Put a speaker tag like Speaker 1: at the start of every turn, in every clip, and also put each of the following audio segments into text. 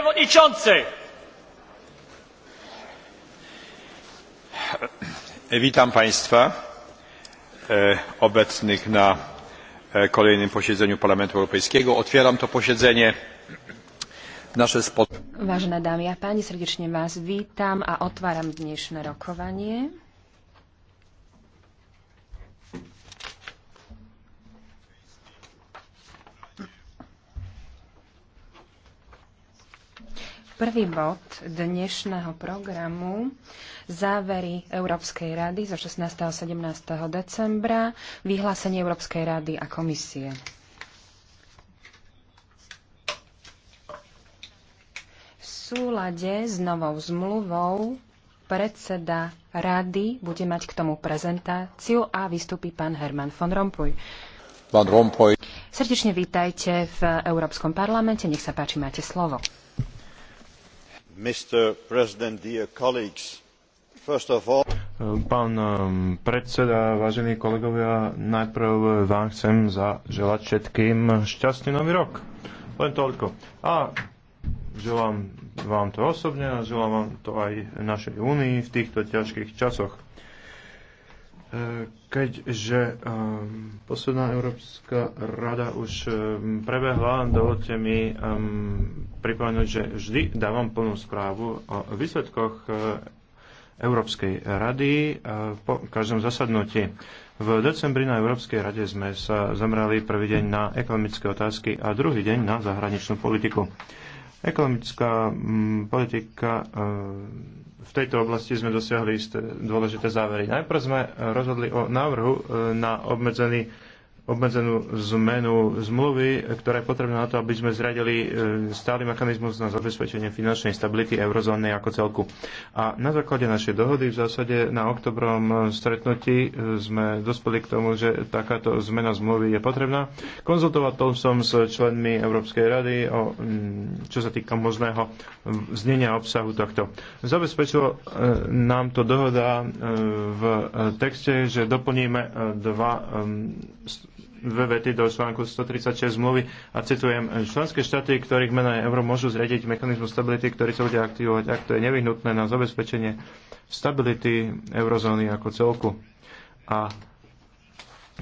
Speaker 1: przewodniczący!
Speaker 2: Witam Państwa e, obecnych na e, kolejnym posiedzeniu Parlamentu Europejskiego. Otwieram to posiedzenie. Nasze spod...
Speaker 1: Vážené dámy a páni, srdečne vás vítam a otváram dnešné rokovanie. Prvý bod dnešného programu závery Európskej rady zo 16. a 17. decembra, vyhlásenie Európskej rady a komisie. V súlade s novou zmluvou predseda rady bude mať k tomu prezentáciu a vystúpi pán Herman von Rompuy. Van Rompuy. Srdečne vítajte v Európskom parlamente. Nech sa páči, máte slovo.
Speaker 2: Pán um, predseda, vážení kolegovia, najprv vám chcem zaželať všetkým šťastný nový rok. Len toľko. A želám vám to osobne a želám vám to aj našej únii v týchto ťažkých časoch. Keďže um, posledná Európska rada už um, prebehla, dovolte mi um, pripomenúť, že vždy dávam plnú správu o výsledkoch uh, Európskej rady uh, po každom zasadnutí. V decembri na Európskej rade sme sa zamrali prvý deň na ekonomické otázky a druhý deň na zahraničnú politiku. Ekonomická mm, politika uh, v tejto oblasti sme dosiahli isté dôležité závery. Najprv sme rozhodli o návrhu e, na obmedzený obmedzenú zmenu zmluvy, ktorá je potrebná na to, aby sme zradili e, stály mechanizmus na zabezpečenie finančnej stability eurozóny ako celku. A na základe našej dohody v zásade na oktobrom stretnutí e, sme dospeli k tomu, že takáto zmena zmluvy je potrebná. Konzultoval som s členmi Európskej rady, o, mm, čo sa týka možného znenia obsahu tohto. Zabezpečilo e, nám to dohoda v texte, že doplníme dva dve vety do článku 136 zmluvy a citujem, členské štáty, ktorých mená je euro, môžu zriadiť mechanizmus stability, ktorý sa bude aktivovať, ak to je nevyhnutné na zabezpečenie stability eurozóny ako celku. A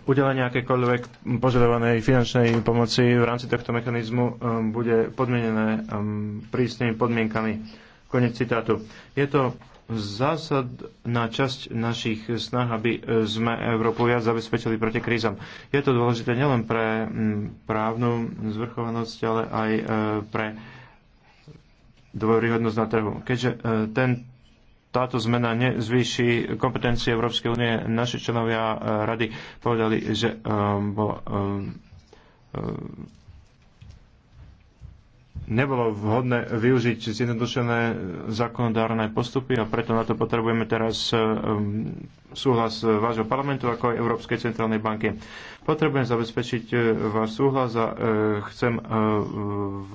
Speaker 2: udelenie akékoľvek požadovanej finančnej pomoci v rámci tohto mechanizmu um, bude podmienené um, prísnymi podmienkami. Konec citátu. Je to zásadná časť našich snah, aby e, sme Európu viac zabezpečili proti krízam. Je to dôležité nielen pre právnu zvrchovanosť, ale aj e, pre dôveryhodnosť na trhu. Keďže e, ten, táto zmena nezvýši kompetencie Európskej únie, naši členovia rady povedali, že bo, nebolo vhodné využiť zjednodušené zákonodárne postupy a preto na to potrebujeme teraz ehm, súhlas vášho parlamentu ako aj Európskej centrálnej banky. Potrebujem zabezpečiť e, váš súhlas a e, chcem e,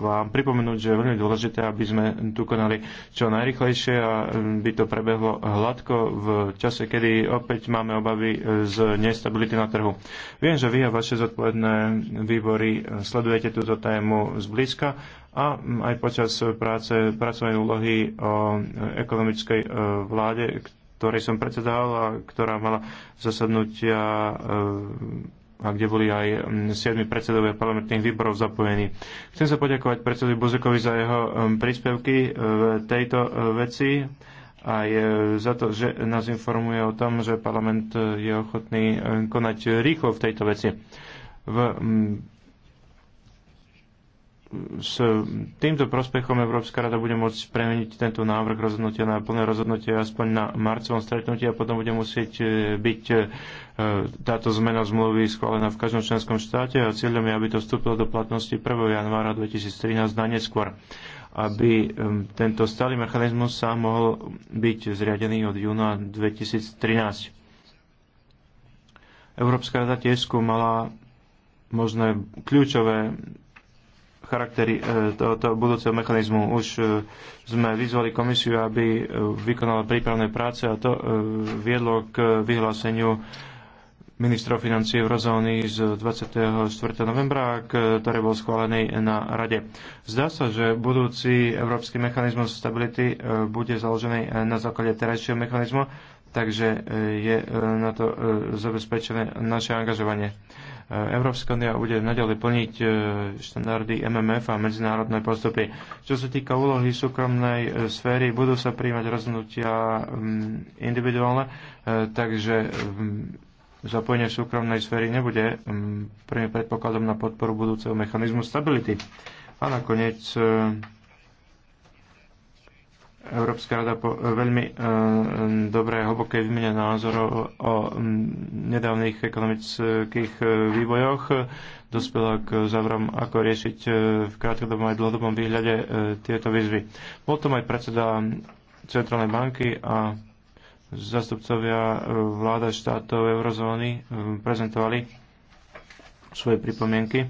Speaker 2: vám pripomenúť, že je veľmi dôležité, aby sme tu konali čo najrychlejšie a by to prebehlo hladko v čase, kedy opäť máme obavy z nestability na trhu. Viem, že vy a vaše zodpovedné výbory sledujete túto tému zblízka a aj počas práce, pracovnej úlohy o ekonomickej vláde, ktorej som predsedal a ktorá mala zasadnutia a kde boli aj mm, siedmi predsedovia parlamentných výborov zapojení. Chcem sa poďakovať predsedovi Buzekovi za jeho mm, príspevky e, v tejto e, veci aj e, za to, že nás informuje o tom, že parlament je ochotný konať rýchlo v tejto veci. V mm, s týmto prospechom Európska rada bude môcť premeniť tento návrh rozhodnutia na plné rozhodnutie aspoň na marcovom stretnutí a potom bude musieť e, byť e, táto zmena zmluvy schválená v každom členskom štáte a cieľom je, aby to vstúpilo do platnosti 1. januára 2013 na neskôr aby e, tento stály mechanizmus sa mohol byť zriadený od júna 2013. Európska rada tiež skúmala možné kľúčové charaktery tohoto e, budúceho mechanizmu. Už e, sme vyzvali komisiu, aby e, vykonala prípravné práce a to viedlo k vyhláseniu ministrov v eurozóny z 24. novembra, ktoré bol schválený na Rade. Zdá sa, že budúci Európsky mechanizmus stability bude založený na základe terajšieho mechanizmu, takže je na to zabezpečené naše angažovanie. Európska unia bude naďalej plniť e, štandardy MMF a medzinárodné postupy. Čo sa týka úlohy súkromnej e, sféry, budú sa príjmať rozhodnutia individuálne, e, takže zapojenie súkromnej sféry nebude prvým predpokladom na podporu budúceho mechanizmu stability. A nakoniec Európska rada po e, veľmi e, dobré, hlboké výmene názorov o nedávnych ekonomických e, vývojoch e, dospela k záverom, ako riešiť v krátkodobom aj dlhodobom výhľade tieto výzvy. Bol aj predseda Centrálnej banky a zastupcovia vláda štátov eurozóny prezentovali svoje pripomienky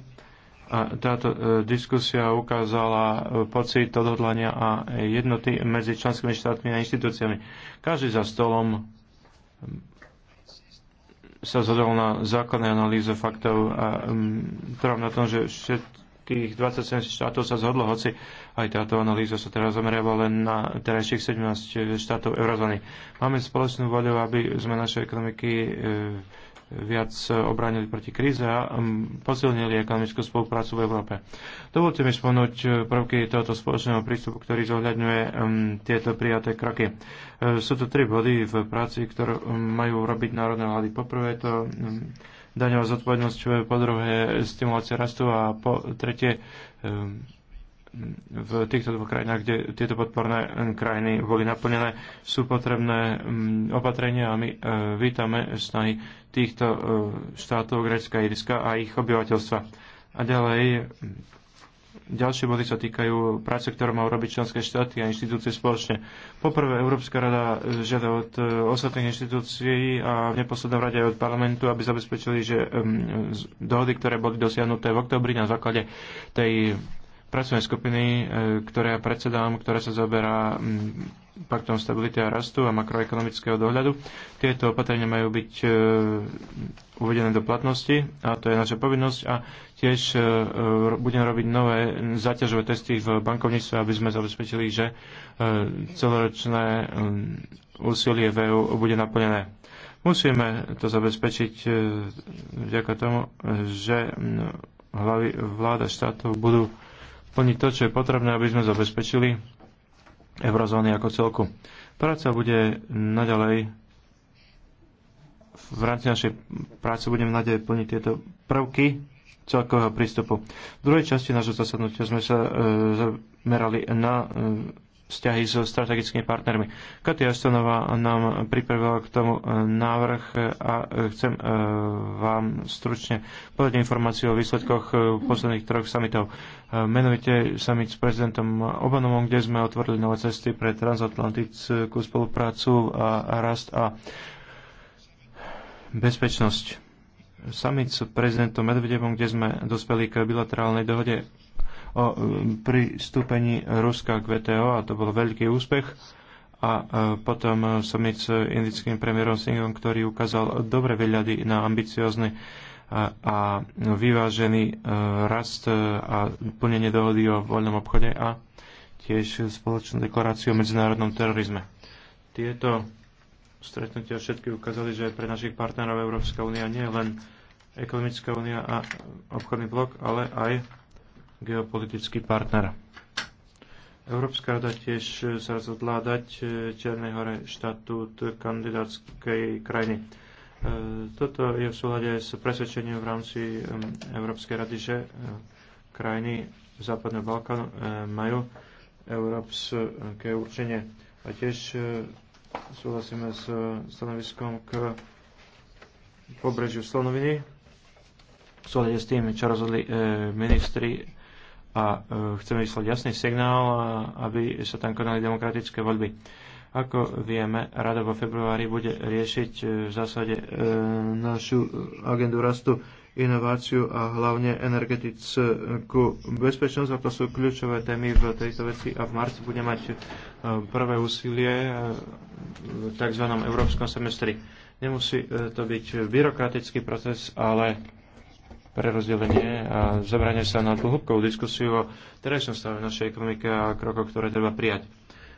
Speaker 2: a táto e, diskusia ukázala e, pocit odhodlania a jednoty medzi členskými štátmi a inštitúciami. Každý za stolom sa zhodol na základnej analýze faktov a um, trvám na tom, že všetkých 27 štátov sa zhodlo, hoci aj táto analýza sa teraz zameriava len na terajších 17 štátov eurozóny. Máme spoločnú voľu, aby sme naše ekonomiky e, viac obránili proti kríze a um, posilnili ekonomickú spoluprácu v Európe. Dovolte mi spomenúť uh, prvky tohoto spoločného prístupu, ktorý zohľadňuje um, tieto prijaté kroky. Uh, sú to tri body v práci, ktoré um, majú robiť národné vlády. Poprvé to daňová zodpovednosť, po druhé stimulácia rastu a po tretie v týchto dvoch krajinách, kde tieto podporné mm, krajiny boli naplnené, sú potrebné mm, opatrenia a my e, vítame snahy týchto e, štátov Grécka, a Irska a ich obyvateľstva. A ďalej, mm, ďalšie body sa týkajú práce, ktorú má urobiť členské štáty a inštitúcie spoločne. Poprvé, Európska rada e, žiada od ostatných inštitúcií a v neposlednom rade aj od parlamentu, aby zabezpečili, že dohody, ktoré boli dosiahnuté v oktobri na základe tej pracovnej skupiny, e, ktoré ja predsedám, ktorá sa zaoberá mm, paktom stability a rastu a makroekonomického dohľadu. Tieto opatrenia majú byť e, uvedené do platnosti a to je naša povinnosť a tiež e, budeme robiť nové záťažové testy v bankovníctve, aby sme zabezpečili, že celoročné mm, úsilie v EU bude naplnené. Musíme to zabezpečiť vďaka tomu, že mm, hlavy vláda štátov budú plniť to, čo je potrebné, aby sme zabezpečili eurozóny ako celku. Práca bude naďalej v rámci našej práce budeme naďalej plniť tieto prvky celkového prístupu. V druhej časti nášho zasadnutia sme sa e, zamerali na e, vzťahy so strategickými partnermi. Katia Astonová nám pripravila k tomu e, návrh e, a e, chcem vám stručne povedať informáciu o výsledkoch posledných troch samitov. Menovite summit s prezidentom Obamom, kde sme otvorili nové cesty pre transatlantickú spoluprácu a rast a bezpečnosť summit s prezidentom Medvedevom, kde sme dospeli k bilaterálnej dohode o e, pristúpení Ruska k VTO a to bol veľký úspech. A e, potom e, summit s indickým premiérom Singhom, ktorý ukázal dobre vyhľady na ambiciózny a vyvážený rast a plnenie dohody o voľnom obchode a tiež spoločnú deklaráciu o medzinárodnom terorizme. Tieto stretnutia všetky ukázali, že pre našich partnerov Európska únia nie je len ekonomická únia a obchodný blok, ale aj geopolitický partner. Európska rada tiež sa e, rozhodla dať e, Černej hore štatút kandidátskej krajiny. E, toto je v súhľade s presvedčením v rámci Európskej rady, že krajiny Západného Balkánu majú európske určenie. A tiež súhlasíme s stanoviskom k pobrežiu Slonoviny. V súhľade s tým, čo rozhodli ministri a e, chceme vyslať jasný signál, aby sa tam konali demokratické voľby. Ako vieme, Rada vo februári bude riešiť e, v zásade e, našu agendu rastu, inováciu a hlavne energetickú bezpečnosť a to sú kľúčové témy v tejto veci a v marci bude mať prvé úsilie v tzv. európskom semestri. Nemusí to byť byrokratický proces, ale prerozdelenie a zabranie sa na dlhúbkovú diskusiu o terajšom stave našej ekonomiky a krokoch, ktoré treba prijať.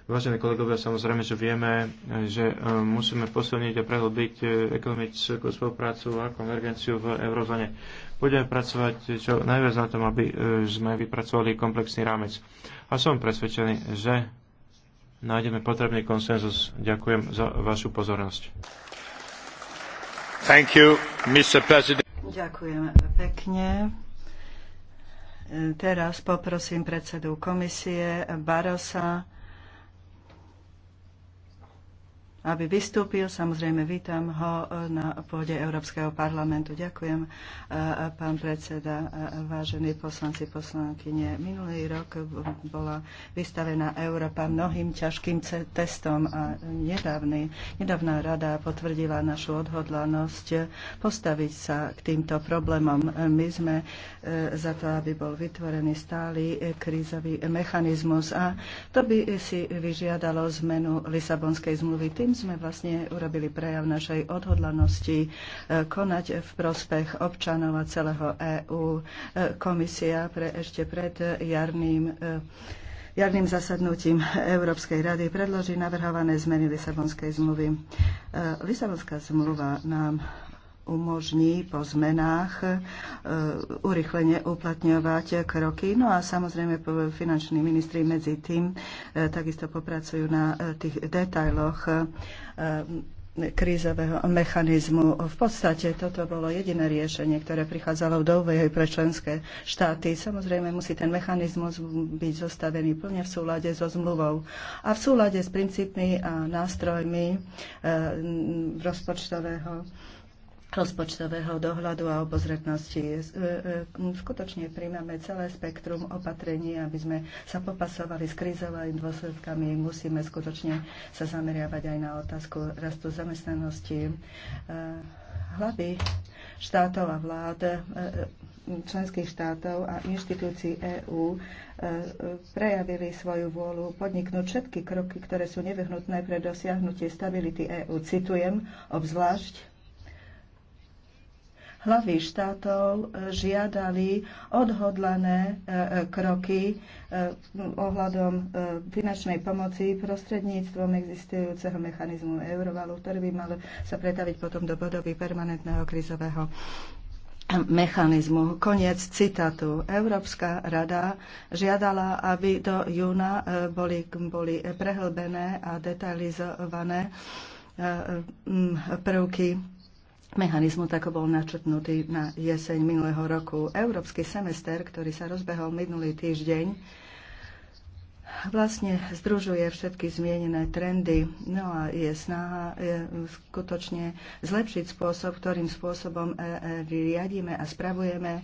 Speaker 2: Vážení kolegovia, samozrejme, že vieme, že e, musíme posilniť a prehlbiť e, ekonomickú spoluprácu a konvergenciu v eurozóne. Budeme pracovať čo najviac na tom, aby e, sme vypracovali komplexný rámec. A som presvedčený, že nájdeme potrebný konsenzus. Ďakujem za vašu pozornosť. Thank you, Mr. President.
Speaker 3: Ďakujem pekne. Teraz poprosím predsedu komisie Barosa, aby vystúpil. Samozrejme, vítam ho e, na pôde Európskeho parlamentu. Ďakujem, e, e, pán predseda, vážení poslanci, poslankyne. Minulý rok bola vystavená Európa mnohým ťažkým testom a nedávny, nedávna rada potvrdila našu odhodlanosť postaviť sa k týmto problémom. My sme za to, aby bol vytvorený stály krízový mechanizmus a to by si vyžiadalo zmenu Lisabonskej zmluvy. Tým sme vlastne urobili prejav našej odhodlanosti e, konať v prospech občanov a celého EÚ. E, komisia pre, ešte pred jarným e, jarným zasadnutím Európskej rady predloží navrhované zmeny Lisabonskej zmluvy. Lisabonská zmluva nám umožní po zmenách e, urychlenie uplatňovať kroky. No a samozrejme finanční ministri medzi tým e, takisto popracujú na e, tých detailoch krízového mechanizmu. V podstate toto bolo jediné riešenie, ktoré prichádzalo do úvahy pre členské štáty. Samozrejme musí ten mechanizmus byť zostavený plne v súlade so zmluvou a v súlade s princípmi a nástrojmi rozpočtového rozpočtového dohľadu a obozretnosti. E, e, skutočne príjmame celé spektrum opatrení, aby sme sa popasovali s krízovými dôsledkami. Musíme skutočne sa zameriavať aj na otázku rastu zamestnanosti. E, hlavy štátov a vlád členských štátov a inštitúcií EÚ prejavili svoju vôľu podniknúť všetky kroky, ktoré sú nevyhnutné pre dosiahnutie stability EÚ. Citujem obzvlášť hlavy štátov e, žiadali odhodlané e, e, kroky ohľadom finančnej pomoci prostredníctvom existujúceho mechanizmu eurovalu, ktorý by mal sa pretaviť potom do podoby permanentného krizového mechanizmu. Koniec citátu. Európska rada žiadala, aby do júna boli, boli prehlbené a detalizované prvky mechanizmu, tak bol načrtnutý na jeseň minulého roku. Európsky semester, ktorý sa rozbehol minulý týždeň, vlastne združuje všetky zmienené trendy. No a je snaha skutočne zlepšiť spôsob, ktorým spôsobom e, e, riadíme a spravujeme e,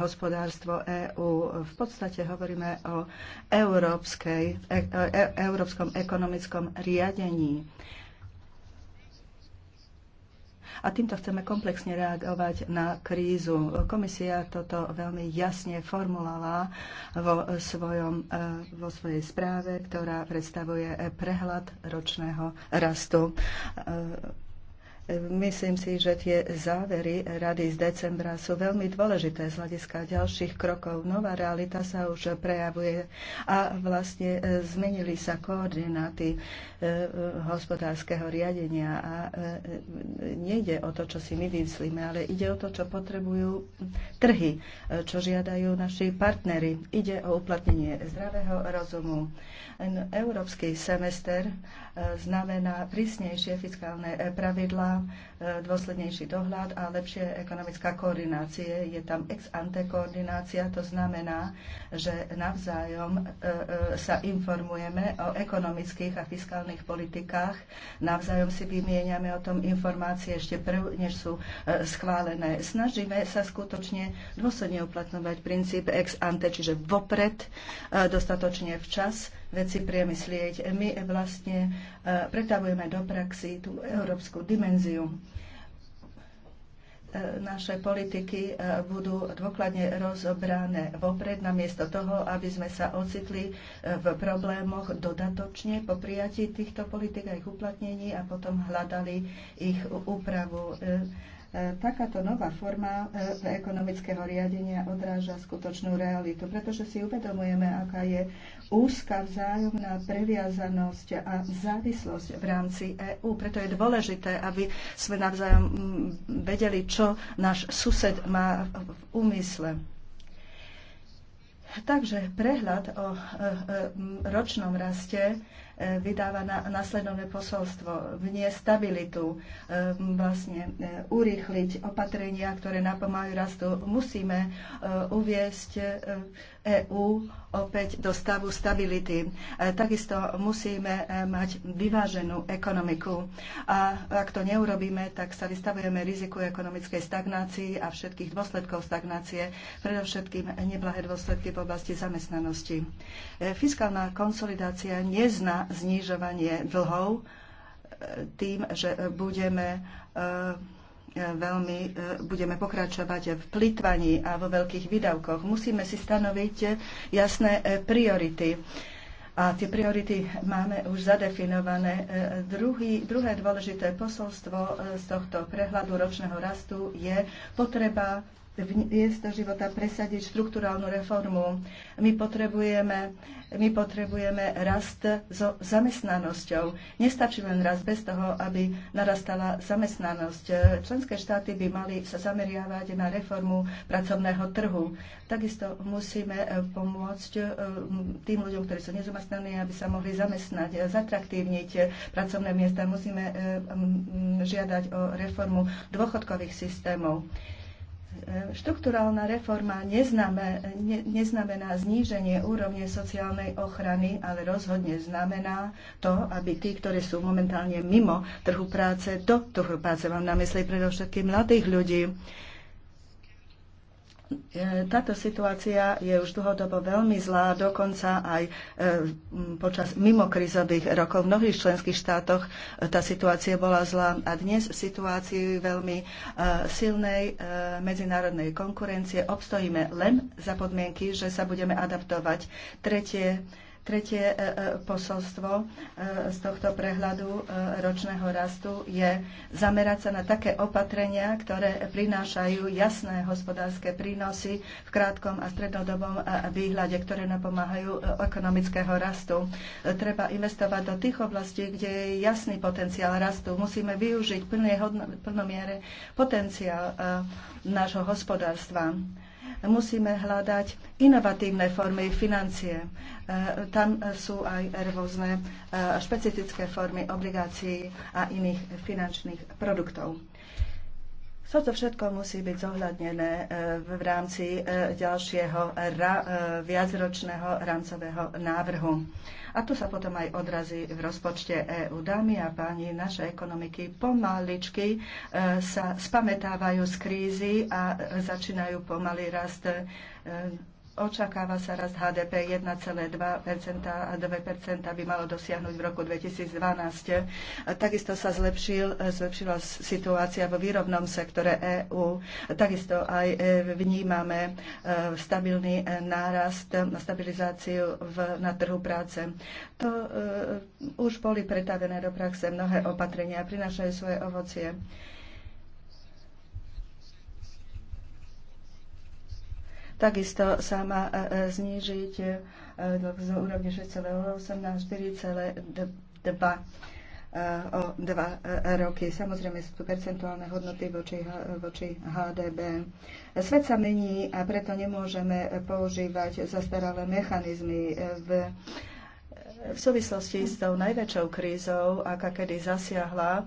Speaker 3: hospodárstvo EÚ. V podstate hovoríme o európskej, e e európskom ekonomickom riadení. A týmto chceme komplexne reagovať na krízu. Komisia toto veľmi jasne formulala vo, svojom, e, vo svojej správe, ktorá predstavuje prehľad ročného rastu e, Myslím si, že tie závery rady z decembra sú veľmi dôležité z hľadiska ďalších krokov. Nová realita sa už prejavuje a vlastne e, zmenili sa koordináty e, e, hospodárskeho riadenia a nejde o to, čo si my vymyslíme, ale ide o to, čo potrebujú trhy, čo žiadajú naši partnery. Ide o uplatnenie zdravého rozumu. Európsky semester znamená prísnejšie fiskálne pravidlá E, dôslednejší dohľad a lepšie ekonomická koordinácie. Je tam ex ante koordinácia, to znamená, že navzájom e, e, sa informujeme o ekonomických a fiskálnych politikách, navzájom si vymieňame o tom informácie ešte prv, než sú schválené. Snažíme sa skutočne dôsledne uplatňovať princíp ex ante, čiže vopred, dostatočne včas veci priemyslieť. My vlastne e, pretavujeme do praxi tú európsku dimenziu e, naše politiky e, budú dôkladne rozobrané vopred, namiesto toho, aby sme sa ocitli v problémoch dodatočne po prijatí týchto politik a ich uplatnení a potom hľadali ich úpravu. Takáto nová forma e, ekonomického riadenia odráža skutočnú realitu, pretože si uvedomujeme, aká je úzka vzájomná previazanosť a závislosť v rámci EÚ. Preto je dôležité, aby sme navzájom vedeli, čo náš sused má v úmysle. Takže prehľad o e, e, ročnom raste vydáva na, nasledovné posolstvo, vnie stabilitu, e, vlastne e, urýchliť opatrenia, ktoré napomáhajú rastu. Musíme e, uviesť EÚ opäť do stavu stability. E, takisto musíme e, mať vyváženú ekonomiku. A ak to neurobíme, tak sa vystavujeme riziku ekonomickej stagnácii a všetkých dôsledkov stagnácie, predovšetkým neblahé dôsledky v oblasti zamestnanosti. E, fiskálna konsolidácia nezná znižovanie dlhov tým, že budeme veľmi e, budeme pokračovať v plýtvaní a vo veľkých výdavkoch. Musíme si stanoviť jasné e, priority. A tie priority máme už zadefinované. E, druhý, druhé dôležité posolstvo z tohto prehľadu ročného rastu je potreba v miesto života, presadiť štruktúrálnu reformu. My potrebujeme, my potrebujeme rast so zamestnanosťou. Nestačí len rast bez toho, aby narastala zamestnanosť. Členské štáty by mali sa zameriavať na reformu pracovného trhu. Takisto musíme eh, pomôcť eh, tým ľuďom, ktorí sú nezamestnaní, aby sa mohli zamestnať, eh, zatraktívniť pracovné miesta. Musíme žiadať o reformu dôchodkových systémov. E, štrukturálna reforma neznamená, neznamená zníženie úrovne sociálnej ochrany, ale rozhodne znamená to, aby tí, ktorí sú momentálne mimo trhu práce, do trhu práce, mám na mysli predovšetkým mladých ľudí, E, táto situácia je už dlhodobo veľmi zlá, dokonca aj e, počas mimokrizových rokov v mnohých členských štátoch e, tá situácia bola zlá a dnes v situácii veľmi silnej medzinárodnej konkurencie obstojíme len za podmienky, že sa budeme adaptovať. Tretie, Tretie e, e, posolstvo e, z tohto prehľadu ročného rastu je zamerať sa na také opatrenia, ktoré prinášajú jasné hospodárske prínosy v krátkom a strednodobom výhľade, ktoré napomáhajú ekonomického rastu. Treba investovať do tých oblastí, kde je jasný potenciál rastu. Musíme využiť plnomiere potenciál nášho hospodárstva. Musíme hľadať inovatívne formy financie. E, tam sú aj rôzne e, špecifické formy obligácií a iných finančných produktov. Toto všetko musí byť zohľadnené e, v rámci ďalšieho viacročného rámcového návrhu. A to sa potom aj odrazí v rozpočte EÚ. Dámy a páni, naše ekonomiky pomaličky e, sa spametávajú z krízy a e, začínajú pomaly rast Očakáva sa rast HDP 1,2% a 2% by malo dosiahnuť v roku 2012. Takisto sa zlepšil, zlepšila situácia vo výrobnom sektore EÚ. Takisto aj e, vnímame e, stabilný e, nárast, na stabilizáciu v, na trhu práce. To už boli pretavené do praxe mnohé opatrenia a prinášajú svoje ovocie. Takisto sa má e, e, znížiť e, z úrovne 6,8 na 4,2 o dva roky. Samozrejme sú tu percentuálne hodnoty voči, voči HDB. Svet sa mení a preto nemôžeme používať zastaralé mechanizmy v v súvislosti s tou najväčšou krízou, aká kedy zasiahla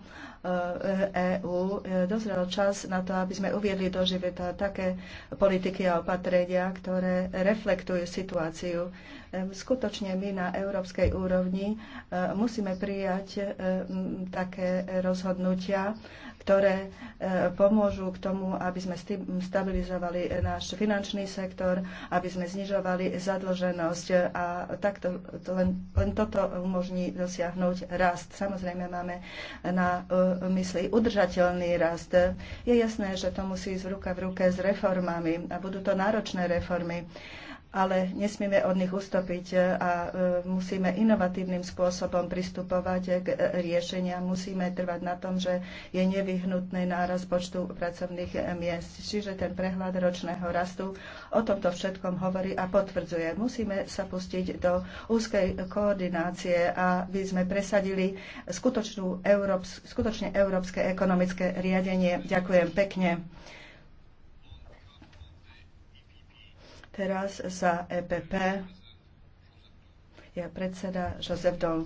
Speaker 3: EÚ e e, dozrel čas na to, aby sme uviedli do života také politiky a opatrenia, ktoré reflektujú situáciu. E, skutočne my na európskej úrovni musíme prijať také rozhodnutia, ktoré pomôžu k tomu, aby sme stabilizovali náš finančný sektor, aby sme znižovali zadlženosť a takto len, len toto umožní dosiahnuť rast. Samozrejme máme na mysli udržateľný rast. Je jasné, že to musí ísť v ruka v ruke s reformami a budú to náročné reformy ale nesmieme od nich ustopiť e, a e, musíme inovatívnym spôsobom pristupovať k e, riešeniam. Musíme trvať na tom, že je nevyhnutný náraz počtu pracovných miest. Čiže ten prehľad ročného rastu o tomto všetkom hovorí a potvrdzuje. Musíme sa pustiť do úzkej koordinácie, aby sme presadili skutočnú európs- skutočne európske ekonomické riadenie. Ďakujem pekne. Teraz za EPP
Speaker 1: je predseda Joseph Dol.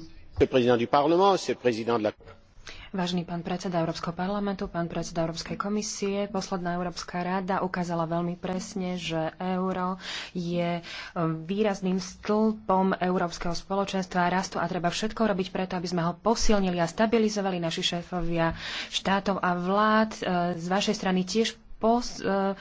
Speaker 1: Vážený pán predseda Európskeho parlamentu, pán predseda Európskej komisie, posledná Európska rada ukázala veľmi presne, že euro je e, výrazným stĺpom Európskeho spoločenstva a rastu a treba všetko robiť preto, aby sme ho posilnili a stabilizovali naši šéfovia štátov a vlád. E, z vašej strany tiež pos, e,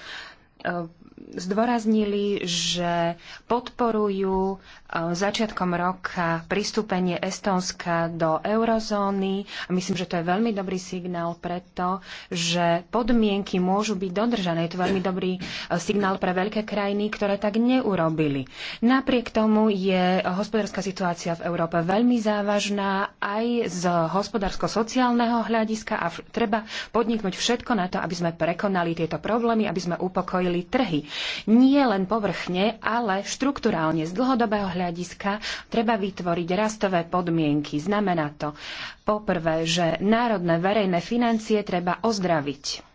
Speaker 1: zdôraznili, že podporujú Eh, začiatkom roka pristúpenie Estónska do eurozóny. A myslím, že to je veľmi dobrý signál preto, že podmienky môžu byť dodržané. Je to veľmi dobrý eh, signál pre veľké krajiny, ktoré tak neurobili. Napriek tomu je hospodárska situácia v Európe veľmi závažná aj z hospodársko-sociálneho hľadiska a treba podniknúť všetko na to, aby sme prekonali tieto problémy, aby sme upokojili trhy. Nie len povrchne, ale štruktúrálne z dlhodobého hľadiska treba vytvoriť rastové podmienky. Znamená to poprvé, že národné verejné financie treba ozdraviť.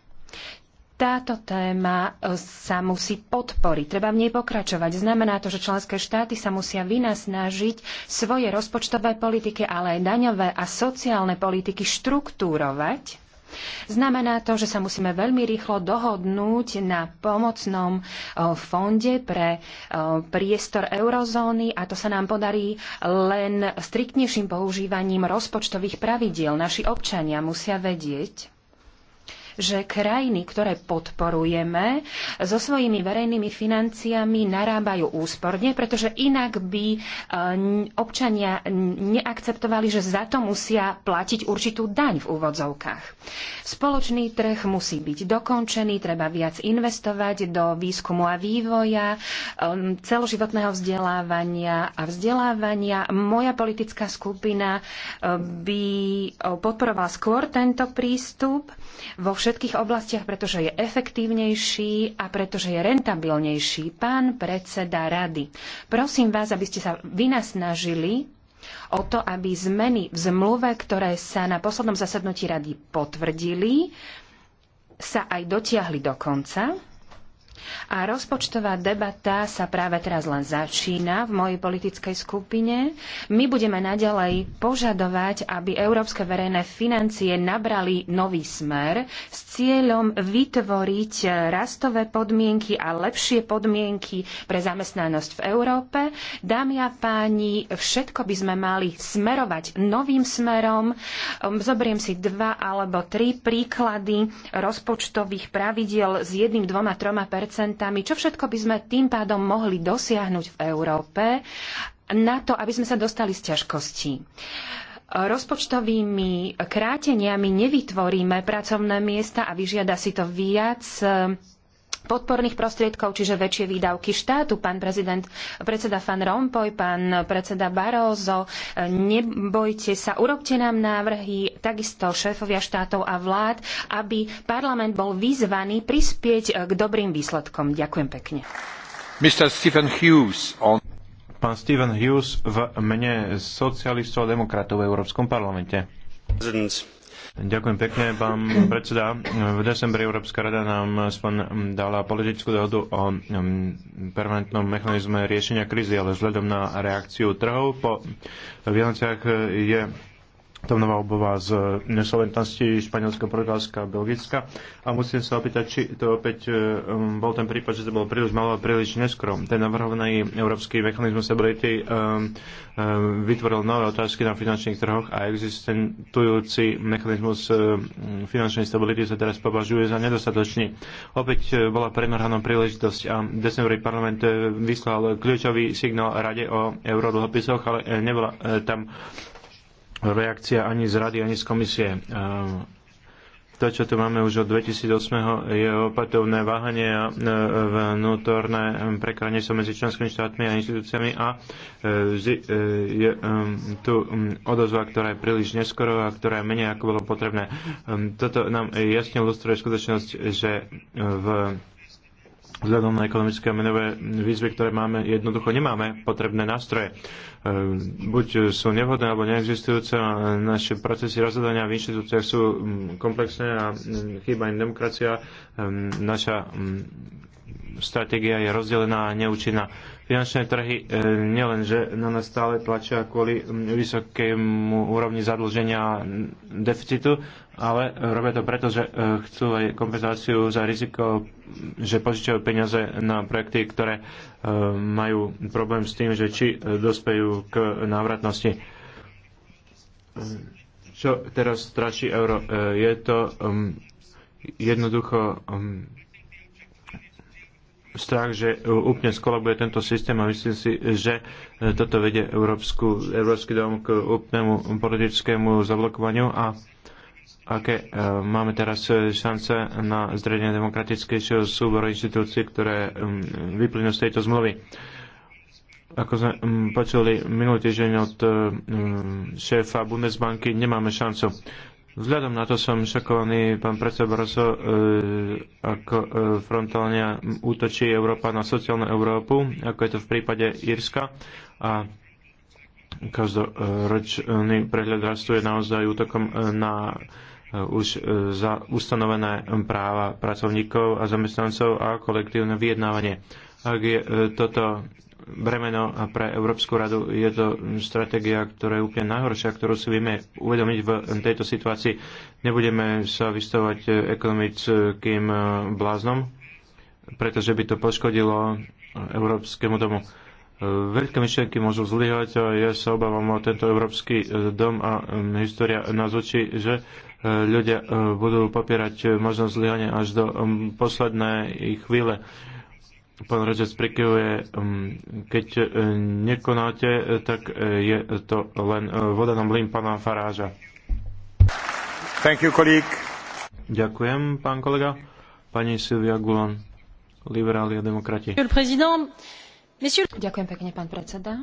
Speaker 1: Táto téma e, sa musí podporiť, treba v nej pokračovať. Znamená to, že členské štáty sa musia vynasnažiť svoje rozpočtové politiky, ale aj daňové a sociálne politiky štruktúrovať Znamená to, že sa musíme veľmi rýchlo dohodnúť na pomocnom fonde pre priestor eurozóny a to sa nám podarí len striktnejším používaním rozpočtových pravidiel. Naši občania musia vedieť, že krajiny, ktoré podporujeme, so svojimi verejnými financiami narábajú úsporne, pretože inak by e, občania neakceptovali, že za to musia platiť určitú daň v úvodzovkách. Spoločný trh musí byť dokončený, treba viac investovať do výskumu a vývoja, um, celoživotného vzdelávania a vzdelávania. Moja politická skupina e, by e, podporovala skôr tento prístup vo všetkých oblastiach, pretože je efektívnejší a pretože je rentabilnejší. Pán predseda rady, prosím vás, aby ste sa vynasnažili o to, aby zmeny v zmluve, ktoré sa na poslednom zasadnutí rady potvrdili, sa aj dotiahli do konca a rozpočtová debata sa práve teraz len začína v mojej politickej skupine. My budeme naďalej požadovať, aby európske verejné financie nabrali nový smer s cieľom vytvoriť rastové podmienky a lepšie podmienky pre zamestnanosť v Európe. Dámy a páni, všetko by sme mali smerovať novým smerom. Um, Zobriem si dva alebo tri príklady rozpočtových pravidiel s jedným, dvoma, troma per- čo všetko by sme tým pádom mohli dosiahnuť v Európe na to, aby sme sa dostali z ťažkostí? Rozpočtovými kráteniami nevytvoríme pracovné miesta a vyžiada si to viac podporných prostriedkov, čiže väčšie výdavky štátu. Pán prezident, predseda Van Rompuy, pán predseda Barroso, e, nebojte sa, urobte nám návrhy, takisto šéfovia štátov a vlád, aby parlament bol vyzvaný prispieť e, k dobrým výsledkom. Ďakujem pekne.
Speaker 2: Mr. Stephen Hughes on... Pán Stephen Hughes v mene socialistov a demokratov v Európskom parlamente. President. Ďakujem pekne, pán predseda. V decembri Európska rada nám aspoň dala politickú dohodu o um, permanentnom mechanizme riešenia krízy, ale vzhľadom na reakciu trhov po Vianociach je tam nová obova z nesolventnosti Španielska, Portugalska a Belgická. A musím sa opýtať, či to opäť um, bol ten prípad, že to bolo príliš malo a príliš neskoro. Ten navrhovaný Európsky mechanizmus stability um, um, vytvoril nové otázky na finančných trhoch a existujúci mechanizmus um, finančnej stability sa teraz považuje za nedostatočný. Opäť bola premerhaná príležitosť a decembrý parlament vyslal kľúčový signál Rade o eurodlhopisoch, ale nebola tam reakcia ani z rady, ani z komisie. To, čo tu máme už od 2008, je opatovné váhanie a e, vnútorné prekranie sa medzi členskými štátmi a inštitúciami a e, e, je tu odozva, ktorá je príliš neskoro a ktorá je menej ako bolo potrebné. Toto nám jasne ilustruje skutočnosť, že v vzhľadom na ekonomické a menové výzvy, ktoré máme, jednoducho nemáme potrebné nástroje. E, buď sú nevhodné alebo neexistujúce a naše procesy rozhodania v inštitúciách sú mm, komplexné a mm, chýba im demokracia. Ehm, naša mm, stratégia je rozdelená a neúčinná. Finančné trhy e, nielenže na nás stále tlačia kvôli vysokému úrovni zadlženia deficitu, ale robia to preto, že e, chcú aj kompenzáciu za riziko, že požičajú peniaze na projekty, ktoré e, majú problém s tým, že či dospejú k návratnosti čo teraz straší euro. Je to um, jednoducho um, strach, že e, úplne skolabuje tento systém a myslím si, že e, toto vedie Európsku, Európsky dom k úplnému politickému zablokovaniu a aké e, máme teraz šance na zredenie demokratickejšieho súboru inštitúcií, ktoré vyplynú z tejto zmluvy. Ako sme počuli minulý týždeň od šéfa Bundesbanky, nemáme šancu. Vzhľadom na to som šokovaný, pán predseda Barroso, e, ako e, frontálne útočí Európa na sociálnu Európu, ako je to v prípade Írska. A každoročný prehľad rastu je naozaj útokom e, na e, už e, za ustanovené práva pracovníkov a zamestnancov a kolektívne vyjednávanie. Ak je toto bremeno a pre Európsku radu. Je to stratégia, ktorá je úplne najhoršia, ktorú si vieme uvedomiť v tejto situácii. Nebudeme sa vystavovať ekonomickým e, bláznom, pretože by to poškodilo Európskemu domu. E, veľké myšlienky môžu zlyhať a ja sa obávam o tento Európsky e, dom a história nás učí, že ľudia budú popierať možnosť zlyhania až do poslednej chvíle Pán Rodžec prikyvuje, um, keď e, nekonáte, e, tak e, je to len voda na mlyn pána Faráža. Thank you, colleague. Ďakujem, pán kolega. Pani Silvia Gulan, liberáli a demokrati.
Speaker 1: Ďakujem pekne, pán predseda.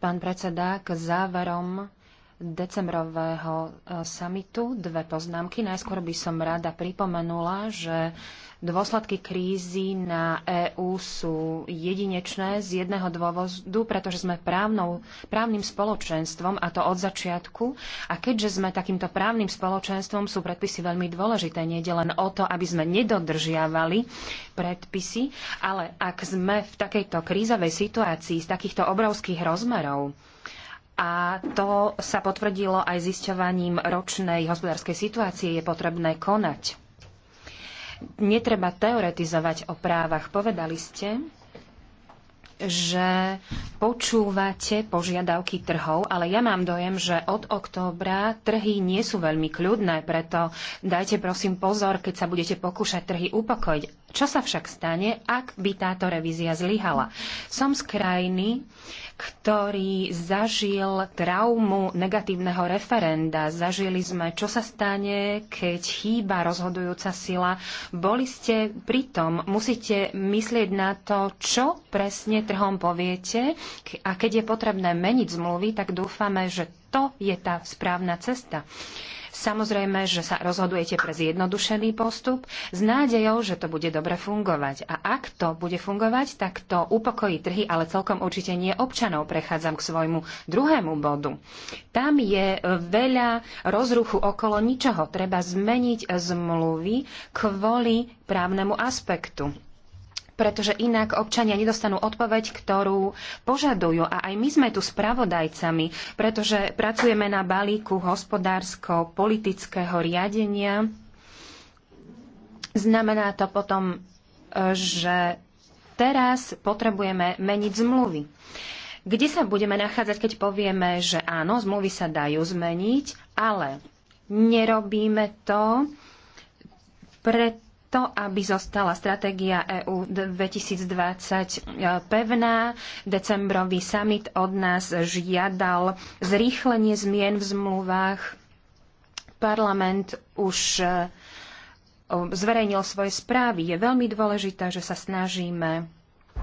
Speaker 1: Pán predseda, k záverom decembrového samitu dve poznámky. Najskôr by som rada pripomenula, že Dôsledky krízy na EÚ sú jedinečné z jedného dôvodu, pretože sme právnou, právnym spoločenstvom a to od začiatku. A keďže sme takýmto právnym spoločenstvom, sú predpisy veľmi dôležité. Nie je len o to, aby sme nedodržiavali predpisy, ale ak sme v takejto krízovej situácii z takýchto obrovských rozmerov, a to sa potvrdilo aj zisťovaním ročnej hospodárskej situácie, je potrebné konať netreba teoretizovať o právach. Povedali ste, že počúvate požiadavky trhov, ale ja mám dojem, že od októbra trhy nie sú veľmi kľudné, preto dajte prosím pozor, keď sa budete pokúšať trhy upokojiť. Čo sa však stane, ak by táto revízia zlyhala? Som z krajiny, ktorý zažil traumu negatívneho referenda. Zažili sme, čo sa stane, keď chýba rozhodujúca sila. Boli ste pritom, musíte myslieť na to, čo presne trhom poviete a keď je potrebné meniť zmluvy, tak dúfame, že to je tá správna cesta. Samozrejme, že sa rozhodujete pre zjednodušený postup s nádejou, že to bude dobre fungovať. A ak to bude fungovať, tak to upokojí trhy, ale celkom určite nie občanov. Prechádzam k svojmu druhému bodu. Tam je veľa rozruchu okolo ničoho. Treba zmeniť zmluvy kvôli právnemu aspektu pretože inak občania nedostanú odpoveď, ktorú požadujú. A aj my sme tu spravodajcami, pretože pracujeme na balíku hospodársko-politického riadenia. Znamená to potom, že teraz potrebujeme meniť zmluvy. Kde sa budeme nachádzať, keď povieme, že áno, zmluvy sa dajú zmeniť, ale nerobíme to, preto to, aby zostala stratégia EU 2020 e, pevná. Decembrový summit od nás žiadal zrýchlenie zmien v zmluvách. Parlament už e, zverejnil svoje správy. Je veľmi dôležité, že sa snažíme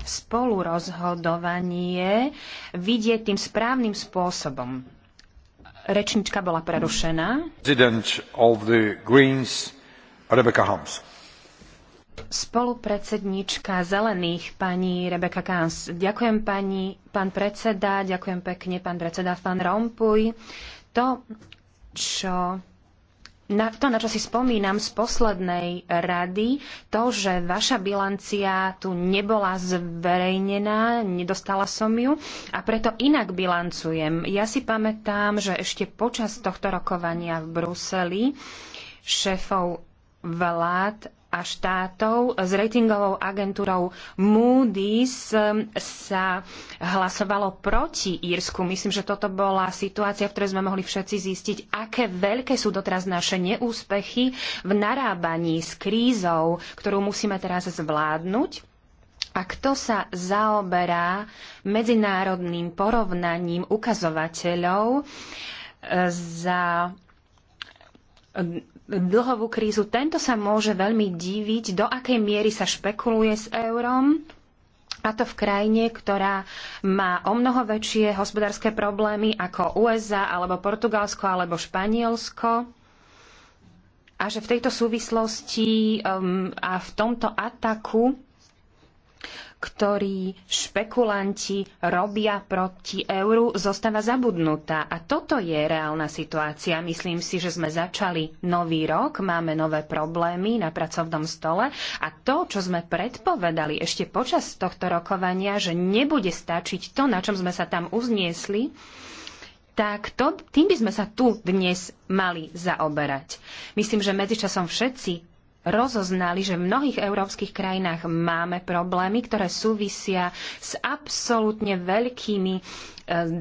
Speaker 1: spolurozhodovanie vidieť tým správnym spôsobom. Rečnička bola prerušená. of the Greens, Rebecca Holmes spolupredsedníčka zelených, pani Rebeka Kans. Ďakujem pani, pán predseda, ďakujem pekne pán predseda Fan Rompuj. To, čo na, to, na čo si spomínam z poslednej rady, to, že vaša bilancia tu nebola zverejnená, nedostala som ju a preto inak bilancujem. Ja si pamätám, že ešte počas tohto rokovania v Bruseli šéfov vlád a štátov s ratingovou agentúrou Moody's um, sa hlasovalo proti Írsku. Myslím, že toto bola situácia, v ktorej sme mohli všetci zistiť, aké veľké sú doteraz naše neúspechy v narábaní s krízou, ktorú musíme teraz zvládnuť. A kto sa zaoberá medzinárodným porovnaním ukazovateľov e, za dlhovú krízu, tento sa môže veľmi diviť, do akej miery sa špekuluje s eurom, a to v krajine, ktorá má o mnoho väčšie hospodárske problémy ako USA, alebo Portugalsko, alebo Španielsko. A že v tejto súvislosti um, a v tomto ataku ktorí špekulanti robia proti euru, zostáva zabudnutá. A toto je reálna situácia. Myslím si, že sme začali nový rok, máme nové problémy na pracovnom stole a to, čo sme predpovedali ešte počas tohto rokovania, že nebude stačiť to, na čom sme sa tam uzniesli, tak to, tým by sme sa tu dnes mali zaoberať. Myslím, že medzičasom všetci rozoznali, že v mnohých európskych krajinách máme problémy, ktoré súvisia s absolútne veľkými e,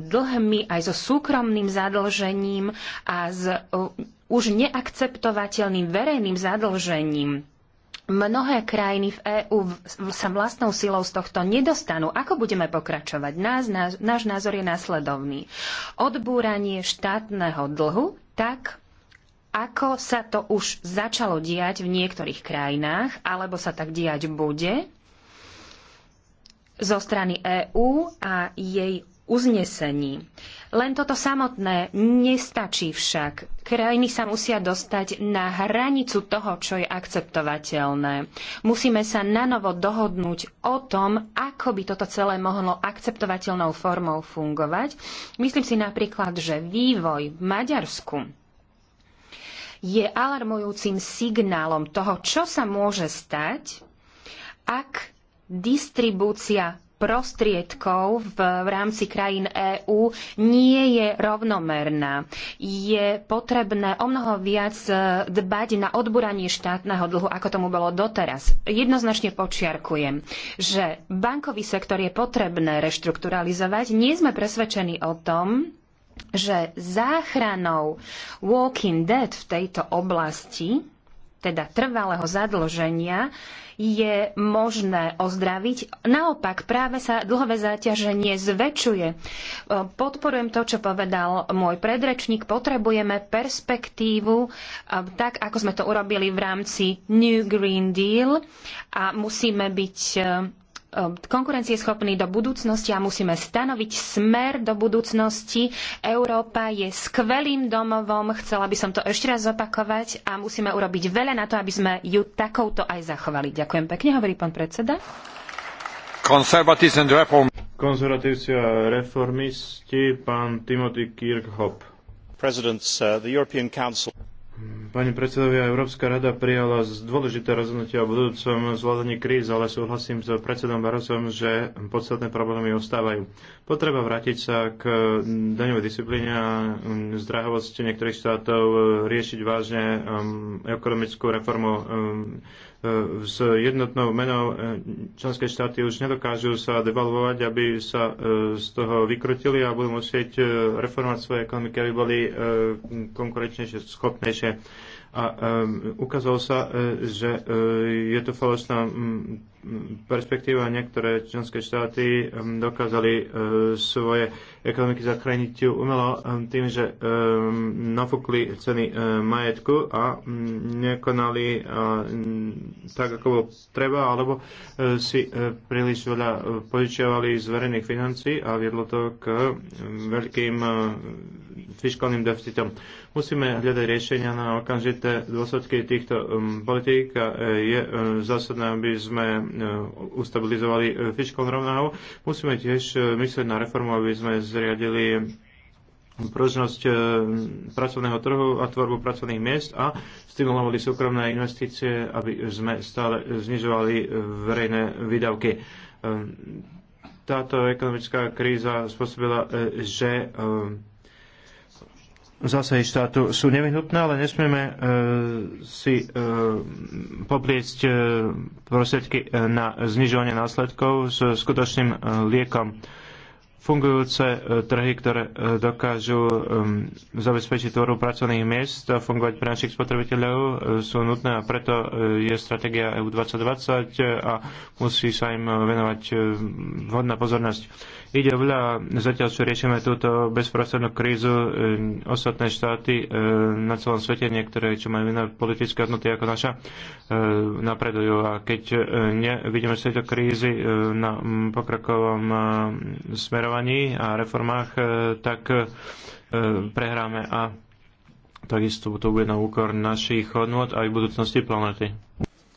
Speaker 1: dlhmi, aj so súkromným zadlžením a s e, už neakceptovateľným verejným zadlžením. Mnohé krajiny v EÚ sa vlastnou silou z tohto nedostanú. Ako budeme pokračovať? Nás, náš, náš názor je následovný. Odbúranie štátneho dlhu tak, ako sa to už začalo diať v niektorých krajinách, alebo sa tak diať bude zo strany EÚ a jej uznesení. Len toto samotné nestačí však. Krajiny sa musia dostať na hranicu toho, čo je akceptovateľné. Musíme sa nanovo dohodnúť o tom, ako by toto celé mohlo akceptovateľnou formou fungovať. Myslím si napríklad, že vývoj v Maďarsku je alarmujúcim signálom toho, čo sa môže stať, ak distribúcia prostriedkov v, v rámci krajín EÚ nie je rovnomerná. Je potrebné o mnoho viac e, dbať na odburanie štátneho dlhu, ako tomu bolo doteraz. Jednoznačne počiarkujem, že bankový sektor je potrebné reštrukturalizovať. Nie sme presvedčení o tom, že záchranou Walking Dead v tejto oblasti, teda trvalého zadlženia, je možné ozdraviť. Naopak, práve sa dlhové záťaženie zväčšuje. Podporujem to, čo povedal môj predrečník. Potrebujeme perspektívu, eh, tak ako sme to urobili v rámci New Green Deal a musíme byť eh, E, konkurencieschopní do budúcnosti a musíme stanoviť smer do budúcnosti. Európa je skvelým domovom, chcela by som to ešte raz zopakovať a musíme urobiť veľa na to, aby sme ju takouto aj zachovali. Ďakujem pekne, hovorí pán predseda.
Speaker 2: Konzervatívci a reformisti, pán Timothy Kirkhope. Pani predsedovia, Európska rada prijala dôležité rozhodnutia o budúcom zvládaní kríz, ale súhlasím s predsedom Barosom, že podstatné problémy ostávajú. Potreba vrátiť sa k daňovej disciplíne a zdrahovosti niektorých štátov, riešiť vážne um, ekonomickú reformu um, E, s jednotnou menou e, členské štáty už nedokážu sa devalvovať, aby sa e, z toho vykrutili a budú musieť reformovať svoje ekonomiky, aby boli konkurenčnejšie, schopnejšie a ukázalo sa, e, že e, je to falošná perspektíva. Niektoré členské štáty dokázali e, svoje ekonomiky zachrániť umelo tým, že nafúkli ceny majetku a nekonali tak, ako bolo treba, alebo si príliš veľa požičiavali z verejných financí a viedlo to k veľkým fiskálnym deficitom. Musíme hľadať riešenia na okamžité dôsledky týchto um, politík a e, je e, zásadné, aby sme e, ustabilizovali fiskálnu rovnováhu. Musíme tiež myslieť na reformu, aby sme zriadili pružnosť pracovného trhu a tvorbu pracovných miest a stimulovali súkromné investície, aby sme stále znižovali verejné výdavky. Táto ekonomická kríza spôsobila, že zásahy štátu sú nevyhnutné, ale nesmieme e, si e, popriesť e, prostriedky na znižovanie následkov s skutočným e, liekom. Fungujúce e, trhy, ktoré e, dokážu e, zabezpečiť tvorbu pracovných miest a fungovať pre našich spotrebiteľov, e, sú nutné a preto e, je stratégia EU 2020 e, a musí sa im e, venovať e, vhodná pozornosť ide veľa, zatiaľ čo riešime túto bezprostrednú krízu, e, ostatné štáty e, na celom svete, niektoré, čo majú iné politické hodnoty ako naša, e, napredujú. A keď nevidíme z tejto krízy na pokrokovom smerovaní a reformách, tak prehráme a takisto to bude na úkor našich hodnot aj v budúcnosti planety.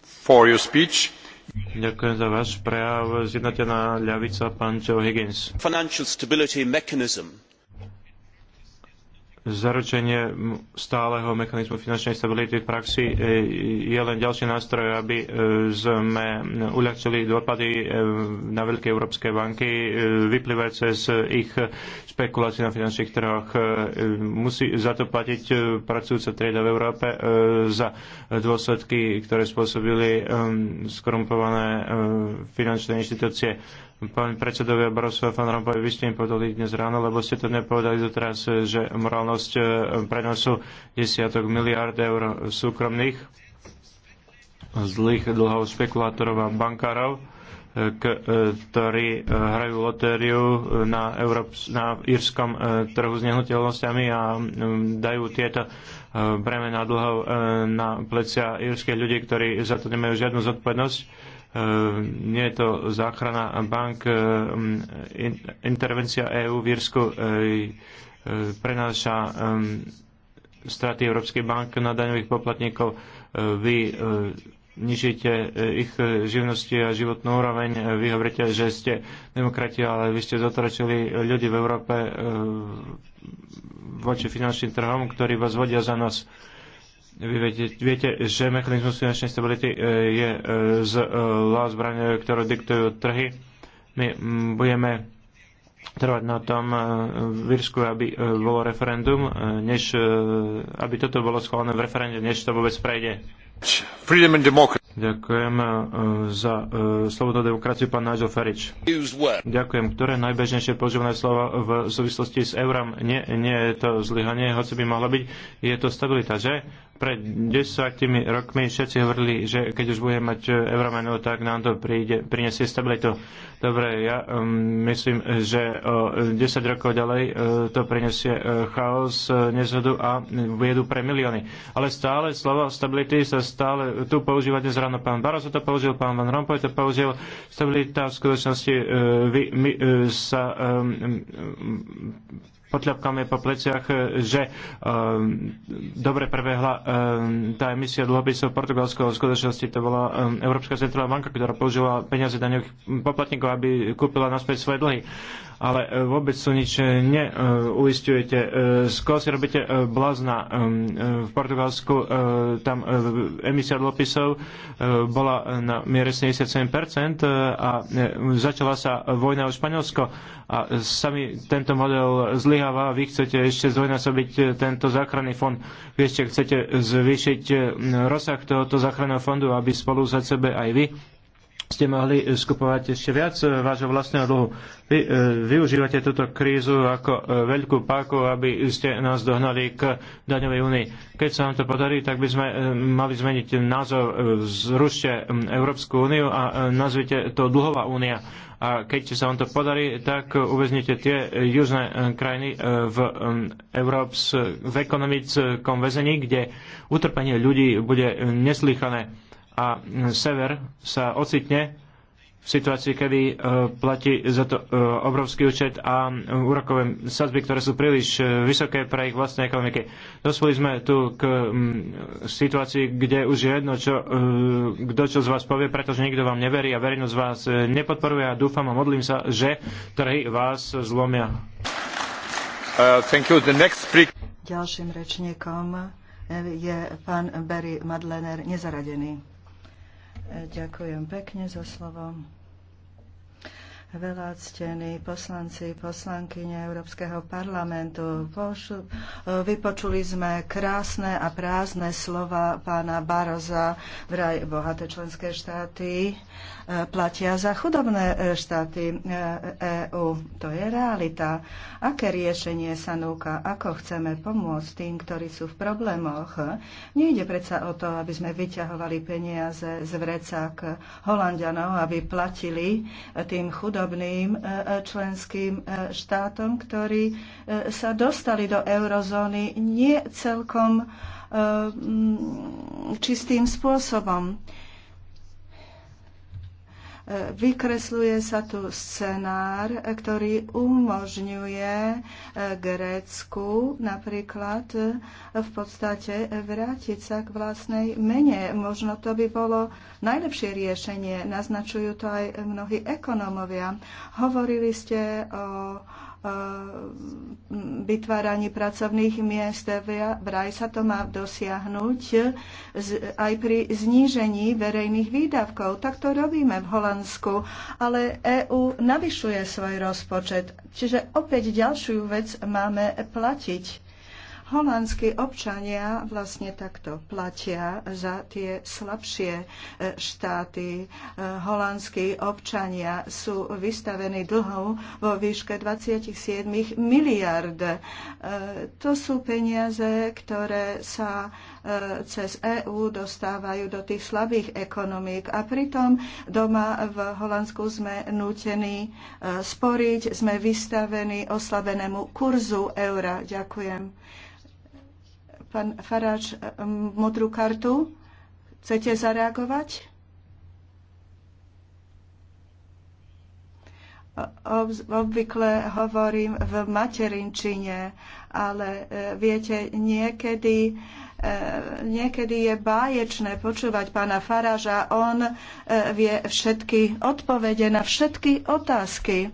Speaker 2: For your speech. Ďakujem za váš prejav. Zjednotená ľavica, pán Joe Higgins.
Speaker 3: Financial stability mechanism
Speaker 2: zaručenie stáleho mechanizmu finančnej stability v praxi e, je len ďalší nástroj, aby e, sme uľahčili dopady e, na veľké európske banky vyplývajúce z ich spekulácií na finančných trhoch. Musí za to platiť pracujúca trieda v Európe za dôsledky, ktoré spôsobili skorumpované finančné inštitúcie Pán predsedovia Barosova, pán Rompovi, vy ste im povedali dnes ráno, lebo ste to nepovedali doteraz, že morálnosť e, prenosu desiatok miliard eur súkromných zlých dlhov spekulátorov a bankárov, e, e, ktorí hrajú lotériu na, Európs- na írskom trhu s nehnuteľnosťami a dajú tieto bremena dlhov na plecia írskej ľudí, ktorí za to nemajú žiadnu zodpovednosť Eh, nie je to záchrana bank, eh, intervencia EÚ v Írsku eh, prenáša straty Európskej bank na daňových poplatníkov. Vy nižíte ich živnosti a životnú úroveň. Vy hovoríte, že ste demokrati, ale vy ste zotračili ľudí v Európe voči finančným trhom, ktorí vás vodia za nás. Vy viete, viete že mechanizmus finančnej stability e, je e, zlá e, zbraň, ktorú diktujú trhy. My budeme trvať na tom v aby bolo referendum, než, aby toto bolo schválené v referende, než to vôbec prejde. Freedom and democracy. Ďakujem za slobodu demokraciu, pán Nigel Ferič. Ďakujem. Ktoré najbežnejšie používané slova v súvislosti s eurom? Nie, nie je to zlyhanie, hoci by mohlo byť. Je to stabilita, že? pred desiatimi rokmi všetci hovorili, že keď už budeme mať euromenu, tak nám to príde, prinesie stabilitu. Dobre, ja um, myslím, že o 10 rokov ďalej uh, to prinesie uh, chaos, uh, nezhodu a viedu pre milióny. Ale stále slovo stability sa stále tu používa dnes ráno. Pán Barroso to použil, pán Van Rompuy to použil. Stabilita v skutočnosti uh, vy, my, uh, sa um, potľapkáme po pleciach, že um, dobre prebehla um, tá emisia dlhopisov Portugalského. V skutočnosti to bola um, Európska centrálna banka, ktorá použila peniaze daňových poplatníkov, aby kúpila naspäť svoje dlhy ale vôbec sú nič neuistujete. Z koho si robíte blázna? V Portugalsku tam emisia dlhopisov bola na miere 77% a začala sa vojna o Španielsko a sami tento model zlyhal a vy chcete ešte zdvojnásobiť e, tento záchranný fond. Vy ešte chcete zvýšiť e, rozsah tohoto záchranného fondu, aby spolu za sebe aj vy ste mohli skupovať ešte viac eh, vášho vlastného dlhu. Vy e, využívate túto krízu ako e, veľkú páku, aby ste nás dohnali k daňovej únii. Keď sa nám to podarí, tak by sme e, mali zmeniť názov. E, zrušte hm, Európsku úniu a e, nazvite to dlhová únia. A keď sa vám to podarí, tak uväznite tie južné krajiny v, hm, Európs, v ekonomickom väzení, kde utrpenie ľudí bude neslychané a sever sa ocitne v situácii, kedy e, platí za to e, obrovský účet a úrokové sadzby, ktoré sú príliš e, vysoké pre ich vlastné ekonomiky. Dospeli sme tu k situácii, kde už je jedno, čo, kto čo z vás povie, pretože nikto vám neverí a verejnosť vás nepodporuje a dúfam a modlím sa, že trhy vás zlomia. Uh,
Speaker 1: thank you. The next
Speaker 3: Ďalším rečníkom je pán Barry Madlener, nezaradený. Ďakujem pekne za slovo. Veľa ctení poslanci, poslankyne Európskeho parlamentu. Pošu, vypočuli sme krásne a prázdne slova pána Baroza, vraj bohaté členské štáty platia za chudobné e, štáty EÚ. E to je realita. Aké riešenie sa núka? Ako chceme pomôcť tým, ktorí sú v problémoch? Nejde predsa o to, aby sme vyťahovali peniaze z k Holandianov, aby platili tým chudobným e, členským štátom, ktorí sa dostali do eurozóny nie celkom čistým spôsobom. Vykresluje sa tu scenár, ktorý umožňuje e, Grécku napríklad e, v podstate vrátiť sa k vlastnej mene. Možno to by bolo najlepšie riešenie, naznačujú to aj mnohí ekonómovia. Hovorili ste o Mm, vytváraní pracovných miest. Vraj sa to má dosiahnuť aj pri znížení verejných výdavkov. Tak to robíme v Holandsku, ale EÚ navyšuje svoj rozpočet. Čiže opäť ďalšiu vec máme platiť. Holandskí občania vlastne takto platia za tie slabšie e, štáty. E, holandskí občania sú vystavení dlhou vo výške 27 miliard. E, to sú peniaze, ktoré sa cez EÚ dostávajú do tých slabých ekonomík a pritom doma v Holandsku sme nutení sporiť, sme vystavení oslabenému kurzu eura. Ďakujem. Pán Faráč, e, modrú kartu. Chcete zareagovať? obvykle hovorím v materinčine, ale e, viete, niekedy, e, niekedy je báječné počúvať pána Faraža. On vie všetky odpovede na všetky otázky.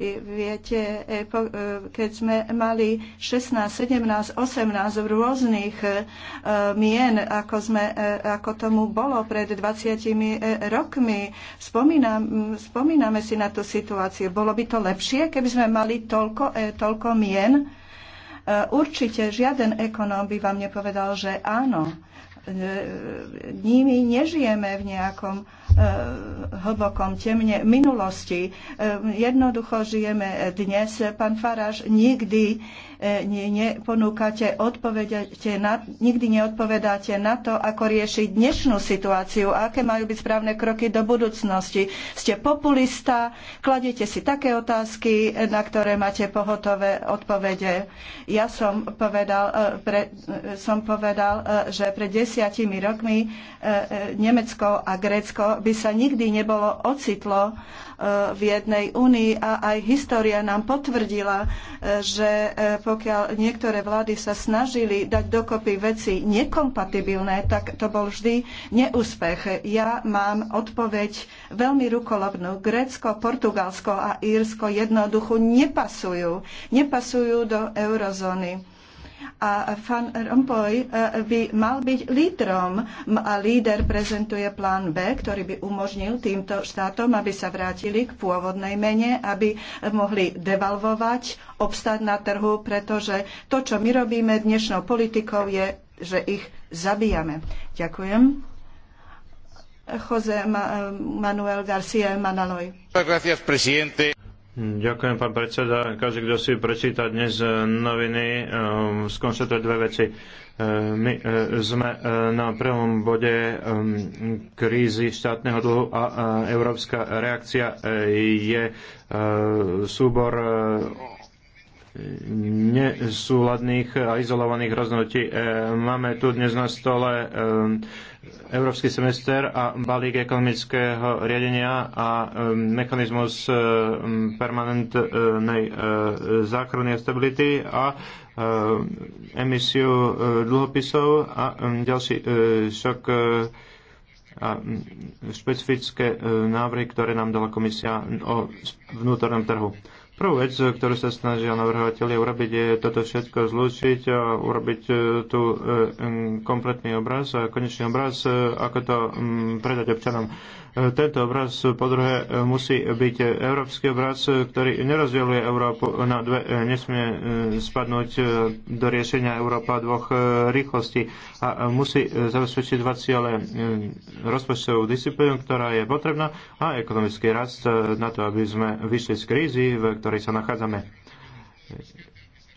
Speaker 3: Viete, e, e, keď sme mali 16, 17, 18 rôznych e, mien, ako, sme, ako tomu bolo pred 20 rokmi, spomínam, spomíname si na tú situáciu. Bolo by to lepšie, keby sme mali toľko, toľko mien? Určite žiaden ekonóm by vám nepovedal, že áno E, nimi nežijeme v nejakom e, hlbokom temne minulosti. E, jednoducho žijeme dnes. Pán Faráš nikdy nie, neponúkate odpovedate na, nikdy neodpovedáte na to, ako riešiť dnešnú situáciu a aké majú byť správne kroky do budúcnosti. Ste populista, kladete si také otázky, na ktoré máte pohotové odpovede. Ja som povedal, e, pre, e, som povedal e, že pred desiatimi rokmi Nemecko a Grécko by sa nikdy nebolo ocitlo v jednej únii a aj história nám potvrdila, že pokiaľ niektoré vlády sa snažili dať dokopy veci nekompatibilné, tak to bol vždy neúspech. Ja mám odpoveď veľmi rukolovnú. Grécko, Portugalsko a Írsko jednoducho nepasujú. Nepasujú do eurozóny a Van Rompuy e, by mal byť lídrom a líder prezentuje plán B, ktorý by umožnil týmto štátom, aby sa vrátili k pôvodnej mene, aby mohli devalvovať, obstať na trhu, pretože to, čo my robíme dnešnou politikou, je, že ich zabíjame. Ďakujem. José Manuel García Manaloy.
Speaker 2: Gracias, presidente. Ďakujem, pán predseda. Každý, kto si prečíta dnes eh, noviny, eh, skonštatuje dve veci. Eh, my sme na prvom bode krízy štátneho dlhu a európska reakcia je súbor nesúladných a izolovaných rozhodnutí. E, máme tu dnes na stole e, Európsky semester a balík ekonomického riadenia a e, mechanizmus permanentnej záchrany a stability a emisiu dlhopisov a ďalší šok a špecifické návrhy, ktoré nám dala komisia o vnútornom trhu. Prvú vec, ktorú sa snažia navrhovateľi urobiť, je toto všetko zlúčiť a urobiť e, tu e, kompletný obraz a konečný obraz, e, ako to predať občanom. Tento obraz po druhé musí byť európsky obraz, ktorý nerozdieluje Európu na dve, nesmie e, spadnúť e, do riešenia Európa dvoch e, rýchlostí a musí zabezpečiť dva ciele rozpočtovú disciplínu, ktorá je potrebná a ekonomický rast na to, aby sme vyšli z krízy, v ktorej sa nachádzame.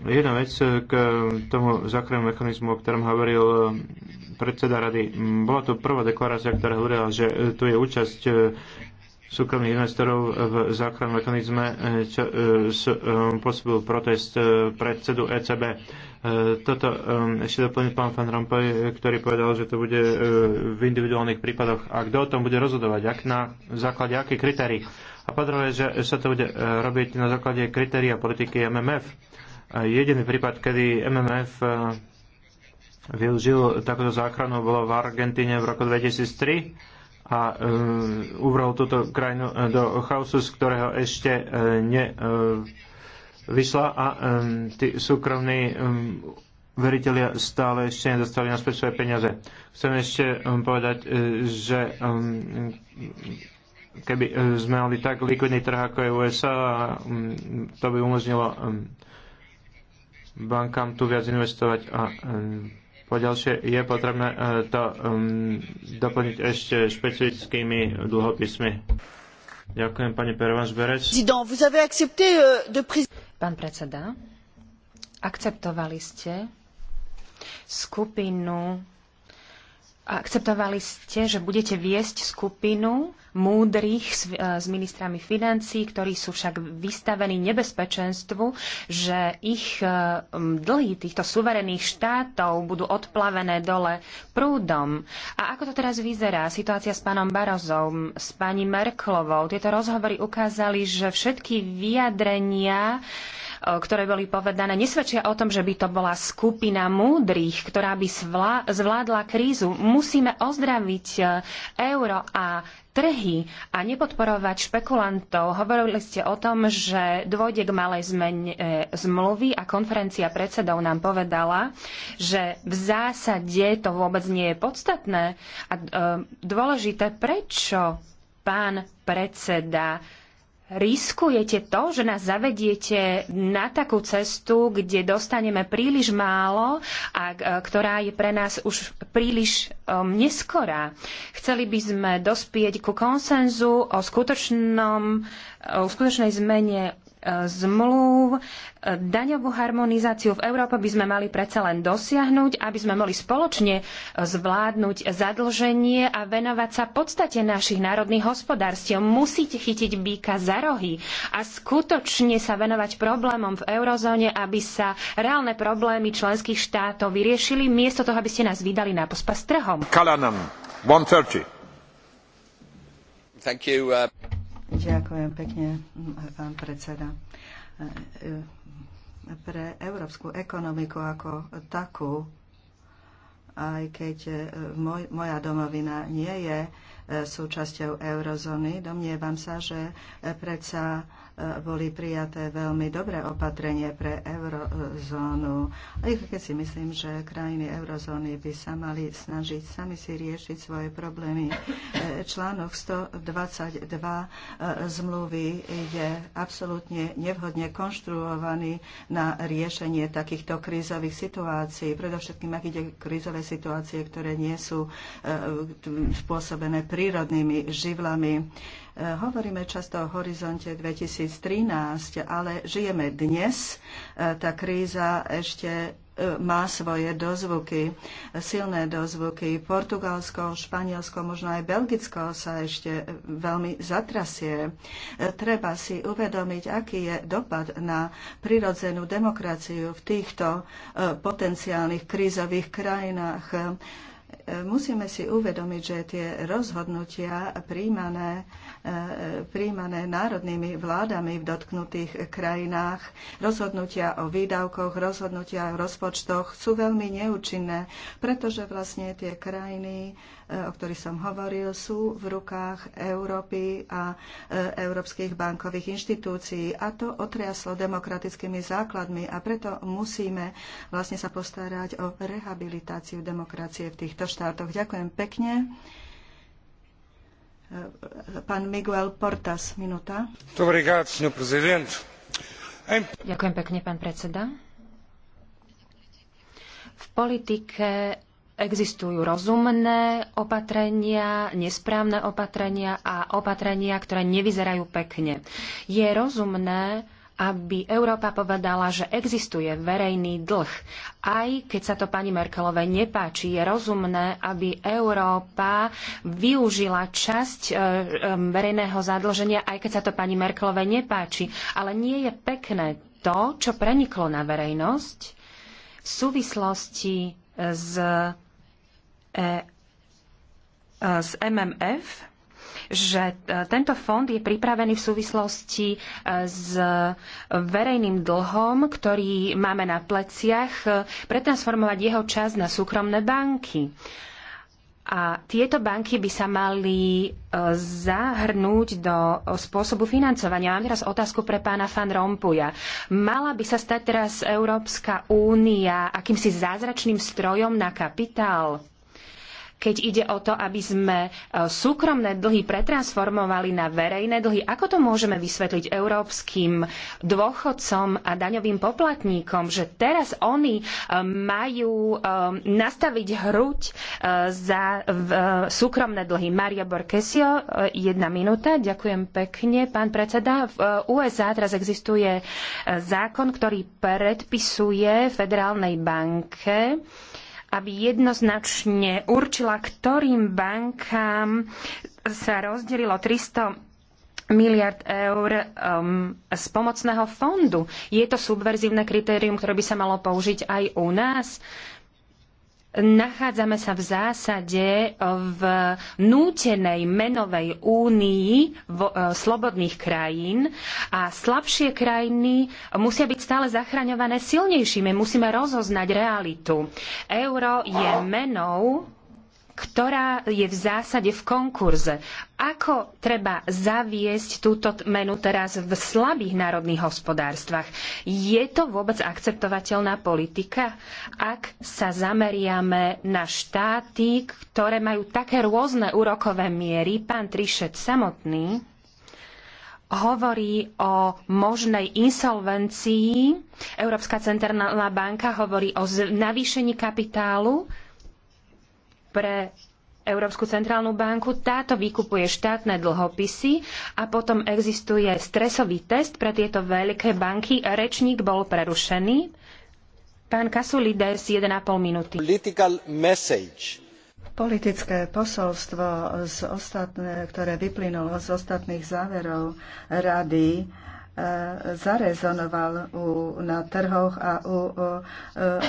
Speaker 2: Jedna vec eh, k tomu záchrannému mechanizmu, o ktorom hovoril eh, predseda rady. Mm, bola to prvá deklarácia, ktorá hovorila, že eh, tu je účasť súkromných investorov v záchrannom mechanizme, čo pôsobil protest predsedu ECB. Toto ešte doplní pán Van Rompuy, ktorý povedal, že to bude v individuálnych prípadoch. A kto o tom bude rozhodovať? Ak na základe akých kritérií? A po že sa to bude robiť na základe kritéria politiky MMF Jediný prípad, kedy MMF eh, využil takúto záchranu, bolo v Argentíne v roku 2003 a um, uvrhol túto krajinu eh, do chaosu, z ktorého ešte uh, uh, a um, tí súkromní um, veriteľia stále ešte nedostali naspäť svoje peniaze. Chcem ešte um, povedať, uh, že um, keby sme mali tak likvidný trh, ako je USA, um, to by umožnilo um, bankám tu viac investovať a e, po ďalšie je potrebné e, to um, doplniť ešte špecifickými dlhopismi. Ďakujem pani Pervans Berec.
Speaker 1: Euh, Pán predseda, akceptovali ste skupinu akceptovali ste, že budete viesť skupinu múdrych s, eh, s ministrami financí, ktorí sú však vystavení nebezpečenstvu, že ich eh, dlhy týchto suverených štátov budú odplavené dole prúdom. A ako to teraz vyzerá? Situácia s pánom Barozom, s pani Merklovou. Tieto rozhovory ukázali, že všetky vyjadrenia ktoré boli povedané, nesvedčia o tom, že by to bola skupina múdrych, ktorá by zvládla krízu. Musíme ozdraviť e, euro a trhy a nepodporovať špekulantov. Hovorili ste o tom, že dôjde k malej zmene e, zmluvy a konferencia predsedov nám povedala, že v zásade to vôbec nie je podstatné a e, dôležité, prečo pán predseda riskujete to, že nás zavediete na takú cestu, kde dostaneme príliš málo a e, ktorá je pre nás už príliš um, neskorá. Chceli by sme dospieť ku konsenzu o skutočnom, e, o skutočnej zmene zmluv. Daňovú harmonizáciu v Európe by sme mali predsa len dosiahnuť, aby sme mohli spoločne zvládnuť zadlženie a venovať sa podstate našich národných hospodárstiev. Musíte chytiť býka za rohy a skutočne sa venovať problémom v eurozóne, aby sa reálne problémy členských štátov vyriešili, miesto toho, aby ste nás vydali na pospas trhom.
Speaker 3: Kalanan, 130. Thank you, uh... Ďakujem pekne, pán predseda. Pre európsku ekonomiku ako takú, aj keď moj, moja domovina nie je súčasťou eurozóny, domnievam sa, že predsa boli prijaté veľmi dobré opatrenie pre eurozónu. Aj keď si myslím, že krajiny eurozóny by sa mali snažiť sami si riešiť svoje problémy. E, článok 122 e, zmluvy je absolútne nevhodne konštruovaný na riešenie takýchto krízových situácií. Predovšetkým, ak ide krízové situácie, ktoré nie sú e, spôsobené prírodnými živlami Eh, hovoríme často o horizonte 2013, ale žijeme dnes. Eh, tá kríza ešte eh, má svoje dozvuky, silné dozvuky. Portugalsko, Španielsko, možno aj Belgicko sa ešte veľmi zatrasie. Treba si uvedomiť, aký je dopad na prirodzenú demokraciu v týchto potenciálnych krízových krajinách Musíme si uvedomiť, že tie rozhodnutia príjmané, e, príjmané národnými vládami v dotknutých krajinách, rozhodnutia o výdavkoch, rozhodnutia o rozpočtoch sú veľmi neúčinné, pretože vlastne tie krajiny, e, o ktorých som hovoril, sú v rukách Európy a e, európskych bankových inštitúcií. A to otriaslo demokratickými základmi a preto musíme vlastne sa postarať o rehabilitáciu demokracie v týchto štátoch. Ďakujem pekne. Pán Miguel Portas,
Speaker 1: minúta. Ďakujem pekne, pán predseda. V politike existujú rozumné opatrenia, nesprávne opatrenia a opatrenia, ktoré nevyzerajú pekne. Je rozumné, aby Európa povedala, že existuje verejný dlh. Aj keď sa to pani Merkelovej nepáči, je rozumné, aby Európa využila časť e, e, verejného zadlženia, aj keď sa to pani Merkelovej nepáči. Ale nie je pekné to, čo preniklo na verejnosť v súvislosti e, s, e, s MMF že e, tento fond je pripravený v súvislosti e, s verejným dlhom, ktorý máme na pleciach, e, pretransformovať jeho čas na súkromné banky. A tieto banky by sa mali zahrnúť do spôsobu financovania. Mám teraz otázku pre pána Fan Rompuja. Mala by sa stať teraz Európska únia akýmsi zázračným strojom na kapitál? keď ide o to, aby sme e, súkromné dlhy pretransformovali na verejné dlhy, ako to môžeme vysvetliť európskym dôchodcom a daňovým poplatníkom, že teraz oni e, majú e, nastaviť hruď za súkromné dlhy. Maria Borkesio, jedna minúta. Ďakujem pekne, pán predseda. V USA teraz existuje zákon, ktorý predpisuje Federálnej banke, aby jednoznačne určila, ktorým bankám sa rozdelilo 300 miliard eur um, z pomocného fondu. Je to subverzívne kritérium, ktoré by sa malo použiť aj u nás. Uh, nachádzame sa v zásade v nútenej menovej únii e, slobodných krajín a slabšie krajiny musia byť stále zachraňované silnejšími. Musíme rozoznať realitu. Euro je menou ktorá je v zásade v konkurze. Ako treba zaviesť túto menu teraz v slabých národných hospodárstvach? Je to vôbec akceptovateľná politika, ak sa zameriame na štáty, ktoré majú také rôzne úrokové miery? Pán Trišet samotný hovorí o možnej insolvencii, Európska centrálna banka hovorí o navýšení kapitálu pre Európsku centrálnu banku. Táto vykupuje štátne dlhopisy a potom existuje stresový test pre tieto veľké banky. Rečník bol prerušený. Pán Kasulides, 1,5 minúty.
Speaker 3: Politické posolstvo, z ostatné, ktoré vyplynulo z ostatných záverov rady, zarezonoval u, na trhoch a u, u,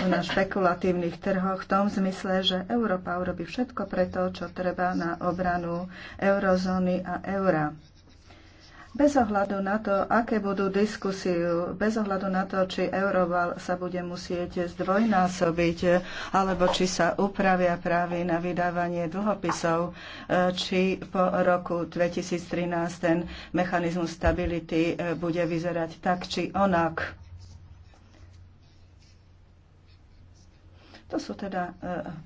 Speaker 3: na špekulatívnych trhoch v tom zmysle, že Európa urobí všetko preto, čo treba na obranu eurozóny a eura. Bez ohľadu na to, aké budú diskusiu, bez ohľadu na to, či euroval sa bude musieť zdvojnásobiť, alebo či sa upravia právy na vydávanie dlhopisov, e, či po roku 2013 ten mechanizmus stability e, bude vyzerať tak či onak. To sú teda e,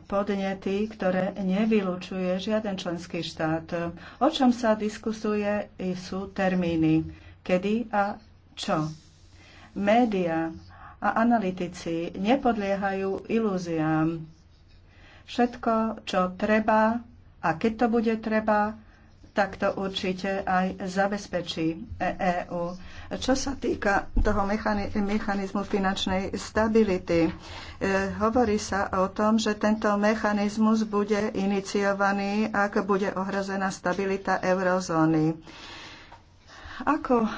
Speaker 3: podnety, ktoré nevylučuje žiaden členský štát. O čom sa diskusuje sú termíny, kedy a čo. Média a analytici nepodliehajú ilúziám. Všetko, čo treba a keď to bude treba, tak to určite aj zabezpečí EÚ. E Čo sa týka toho mechanizmu finančnej stability, e, hovorí sa o tom, že tento mechanizmus bude iniciovaný, ak bude ohrozená stabilita eurozóny. Ako e, e,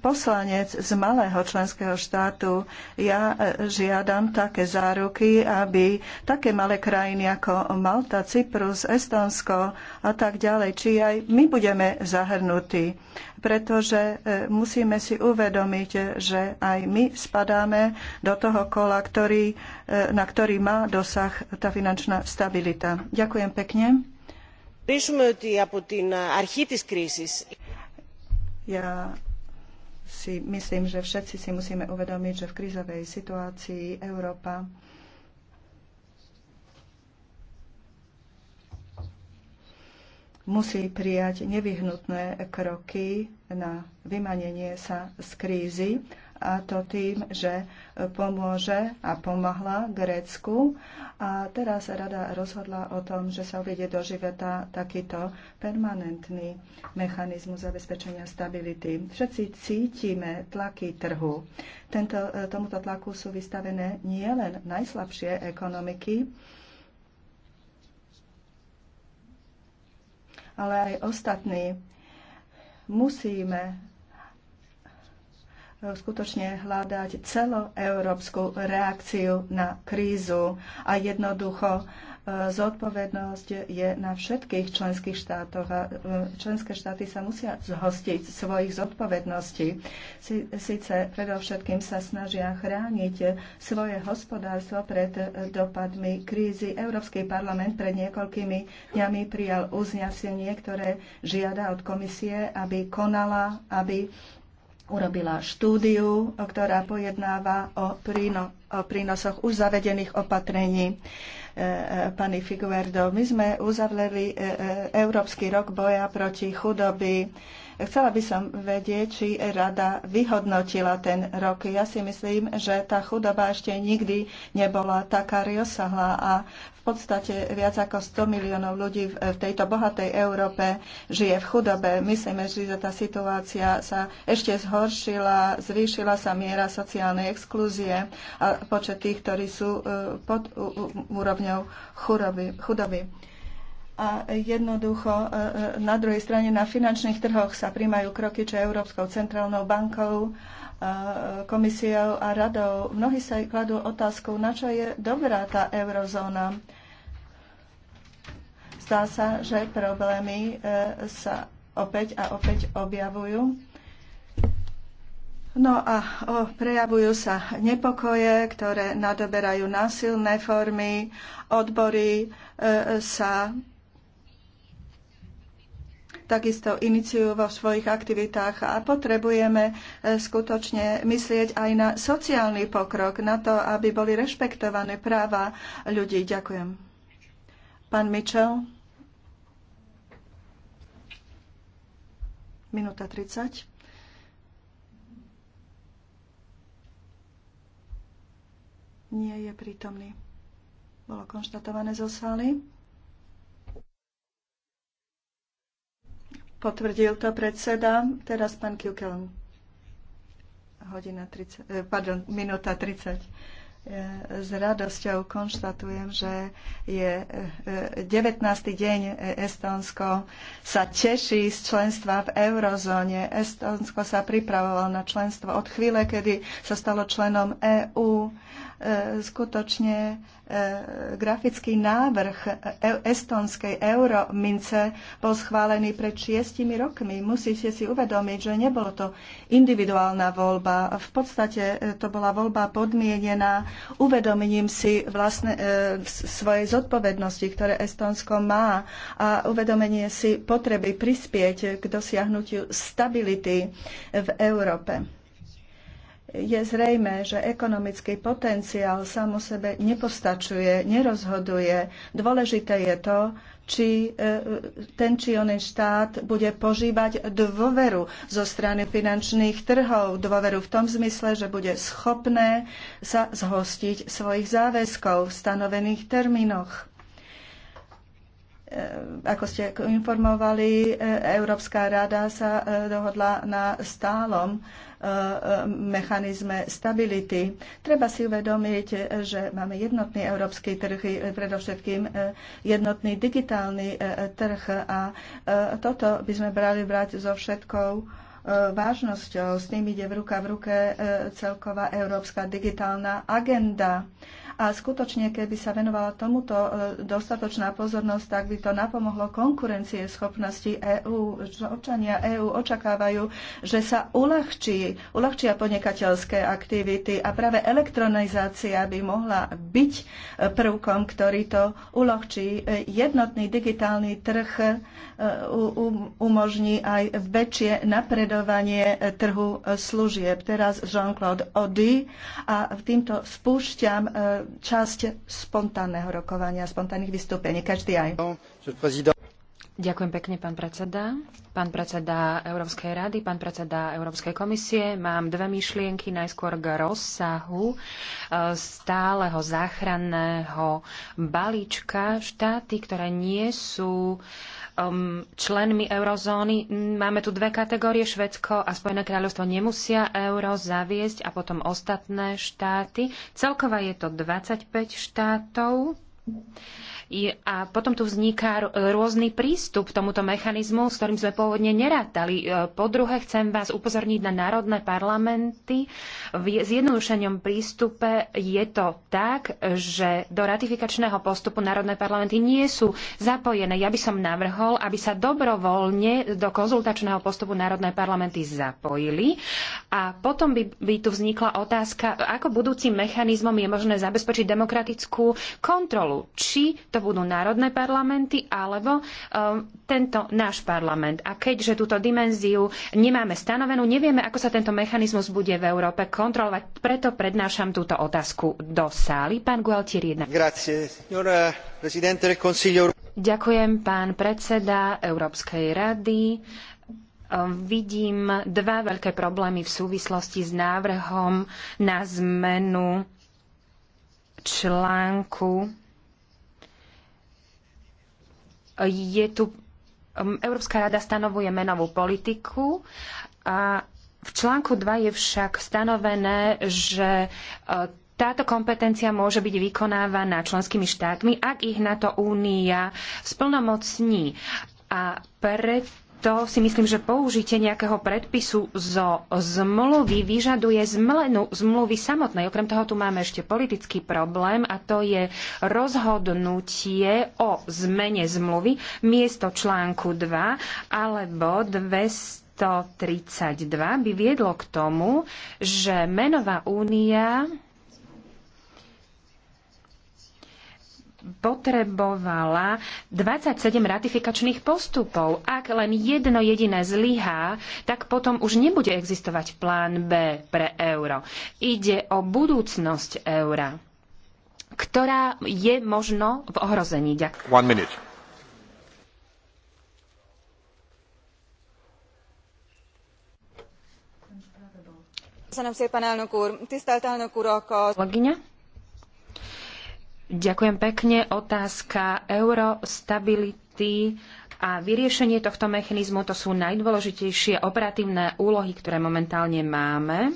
Speaker 3: poslanec z malého členského štátu ja e, žiadam také záruky, aby také malé krajiny ako Malta, Cyprus, Estonsko a tak ďalej, či aj my budeme zahrnutí. Pretože musíme si uvedomiť, že aj my spadáme do toho kola, ktorý, na ktorý má dosah tá finančná stabilita. Ďakujem pekne. από την αρχή της κρίσης. Ja si myslím, že všetci si musíme uvedomiť, že v krízovej situácii Európa musí prijať nevyhnutné kroky na vymanenie sa z krízy a to tým, že pomôže a pomáhla Grécku. A teraz rada rozhodla o tom, že sa uvedie do života takýto permanentný mechanizmus zabezpečenia stability. Všetci cítime tlaky trhu. Tento, tomuto tlaku sú vystavené nielen najslabšie ekonomiky, ale aj ostatní. Musíme skutočne hľadať celoeurópsku reakciu na krízu a jednoducho e, zodpovednosť je na všetkých členských štátoch a e, členské štáty sa musia zhostiť svojich zodpovedností. Sice predovšetkým sa snažia chrániť svoje hospodárstvo pred dopadmi krízy. Európsky parlament pred niekoľkými dňami prijal uznesenie, ktoré žiada od komisie, aby konala, aby urobila štúdiu, ktorá pojednáva o, príno, o prínosoch už zavedených opatrení. E, e, pani Figuerdo, my sme uzavreli e, Európsky rok boja proti chudoby Chcela by som vedieť, či rada vyhodnotila ten rok. Ja si myslím, že tá chudoba ešte nikdy nebola taká rozsahlá a v podstate viac ako 100 miliónov ľudí v tejto bohatej Európe žije v chudobe. Myslíme, že tá situácia sa ešte zhoršila, zvýšila sa miera sociálnej exklúzie a počet tých, ktorí sú eh, pod úrovňou chudoby a jednoducho e, e, na druhej strane na finančných trhoch sa príjmajú kroky, čo Európskou centrálnou bankou, e, komisiou a radou. Mnohí sa kladú otázkou, na čo je dobrá tá eurozóna. Zdá sa, že problémy sa opäť a opäť objavujú. No a o, prejavujú sa nepokoje, ktoré nadoberajú násilné formy. Odbory e, sa takisto iniciujú vo svojich aktivitách a potrebujeme e, skutočne myslieť aj na sociálny pokrok, na to, aby boli rešpektované práva ľudí. Ďakujem. Pán Mitchell. Minúta 30. Nie je prítomný. Bolo konštatované zo sály. Potvrdil to predseda. Teraz pán Kilkeln. Hodina 30, eh, pardon, minúta 30. Eh, s radosťou konštatujem, že je 19. Eh, deň Estónsko sa teší z členstva v eurozóne. Estónsko sa pripravovalo na členstvo od chvíle, kedy sa stalo členom EÚ. E, skutočne e, grafický návrh e, estonskej euromince bol schválený pred šiestimi rokmi. Musíte si uvedomiť, že nebolo to individuálna voľba. V podstate to bola voľba podmienená uvedomením si vlastne svojej zodpovednosti, ktoré Estonsko má a uvedomenie si potreby prispieť k dosiahnutiu stability v Európe je zrejme, že ekonomický potenciál sám o sebe nepostačuje, nerozhoduje. Dôležité je to, či e, e, ten či onen štát bude požívať dôveru zo strany finančných trhov. Dôveru v tom zmysle, že bude schopné sa zhostiť svojich záväzkov v stanovených termínoch e, ako ste informovali, Európska rada sa dohodla na stálom mechanizme stability. Treba si uvedomiť, že máme jednotný európsky trh, predovšetkým e, jednotný digitálny e, trh a e, toto by sme brali brať so všetkou vážnosťou. S tým ide v ruka v ruke celková európska digitálna agenda. A skutočne, keby sa venovala tomuto e, dostatočná pozornosť, tak by to napomohlo konkurencie schopnosti EÚ. Občania EÚ očakávajú, že sa uľahčí, uľahčia podnikateľské aktivity a práve elektronizácia by mohla byť e, prvkom, ktorý to uľahčí. E, jednotný digitálny trh umožní aj väčšie napredovanie trhu služieb. Teraz Jean-Claude Audy a týmto spúšťam časť spontánneho rokovania, spontánnych vystúpení. Každý aj.
Speaker 1: Ďakujem pekne, pán predseda. Pán predseda Európskej rady, pán predseda Európskej komisie. Mám dve myšlienky, najskôr k rozsahu e, stáleho záchranného balíčka. Štáty, ktoré nie sú uh, Um, členmi eurozóny. Máme tu dve kategórie. Švedsko a Spojené kráľovstvo nemusia euro zaviesť a potom ostatné štáty. Celkova je to 25 štátov. A potom tu vzniká rôzny prístup k tomuto mechanizmu, s ktorým sme pôvodne nerátali. E, po druhé, chcem vás upozorniť na národné parlamenty. V zjednodušenom prístupe je to tak, že do ratifikačného postupu národné parlamenty nie sú zapojené. Ja by som navrhol, aby sa dobrovoľne do konzultačného postupu národné parlamenty zapojili a potom by, by tu vznikla otázka, ako budúcim mechanizmom je možné zabezpečiť demokratickú kontrolu. Či to to budú národné parlamenty alebo um, tento náš parlament. A keďže túto dimenziu nemáme stanovenú, nevieme, ako sa tento mechanizmus bude v Európe kontrolovať. Preto prednášam túto otázku do sály. Pán Gualtieri, jedna.
Speaker 2: Grazie, signora Presidente del Consiglio.
Speaker 1: Ďakujem, pán predseda Európskej rady e, vidím dva veľké problémy v súvislosti s návrhom na zmenu článku je tu, um, Európska rada stanovuje menovú politiku a v článku 2 je však stanovené, že e, táto kompetencia môže byť vykonávaná členskými štátmi, ak ich na to Únia splnomocní. A preto to si myslím, že použitie nejakého predpisu zo zmluvy vyžaduje zmlenu zmluvy samotnej. Okrem toho tu máme ešte politický problém a to je rozhodnutie o zmene zmluvy miesto článku 2 alebo 232 by viedlo k tomu, že menová únia potrebovala 27 ratifikačných postupov. Ak len jedno jediné zlyhá, tak potom už nebude existovať plán B pre euro. Ide o budúcnosť eura, ktorá je možno v ohrození.
Speaker 2: Ďakujem.
Speaker 3: Köszönöm szépen, elnök úr! Tisztelt elnök urak! A...
Speaker 1: Ďakujem pekne. Otázka stability a vyriešenie tohto mechanizmu to sú najdôležitejšie operatívne úlohy, ktoré momentálne máme.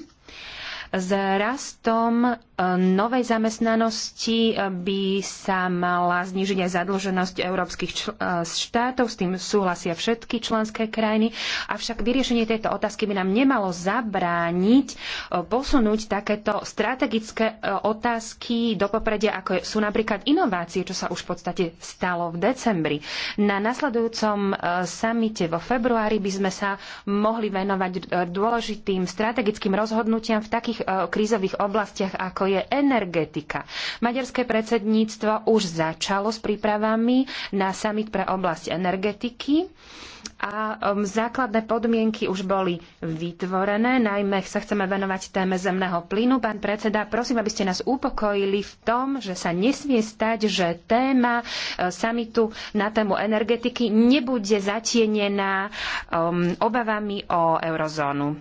Speaker 1: S rastom e, novej zamestnanosti e, by sa mala znižiť aj zadlženosť európskych e, štátov, s tým súhlasia všetky členské krajiny, avšak vyriešenie tejto otázky by nám nemalo zabrániť posunúť takéto strategické otázky do popredia, ako sú napríklad inovácie, čo sa už v podstate stalo v decembri. Na nasledujúcom samite vo februári by sme sa mohli venovať dôležitým strategickým rozhodnutiam v takých Eh, krízových oblastiach, ako je energetika. Maďarské predsedníctvo už začalo s prípravami na summit pre oblasť energetiky a um, základné podmienky už boli vytvorené. Najmä sa chceme venovať téme zemného plynu. Pán predseda, prosím, aby ste nás upokojili v tom, že sa nesmie stať, že téma uh, eh, samitu na tému energetiky nebude zatienená um, obavami o eurozónu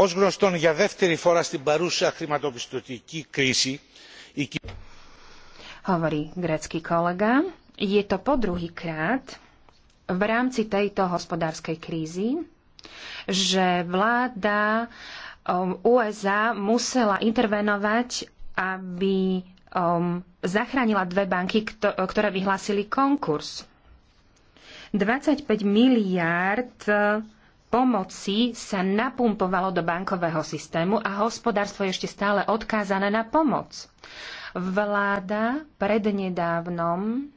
Speaker 2: ως γνωστόν για δεύτερη φορά στην παρούσα χρηματοπιστωτική κρίση η
Speaker 1: Hovorí grécky kolega, je to po druhý krát v rámci tejto hospodárskej krízy, že vláda USA musela intervenovať, aby zachránila dve banky, ktoré vyhlásili konkurs. 25 miliárd pomoci sa napumpovalo do bankového systému a hospodárstvo je ešte stále odkázané na pomoc. Vláda prednedávnom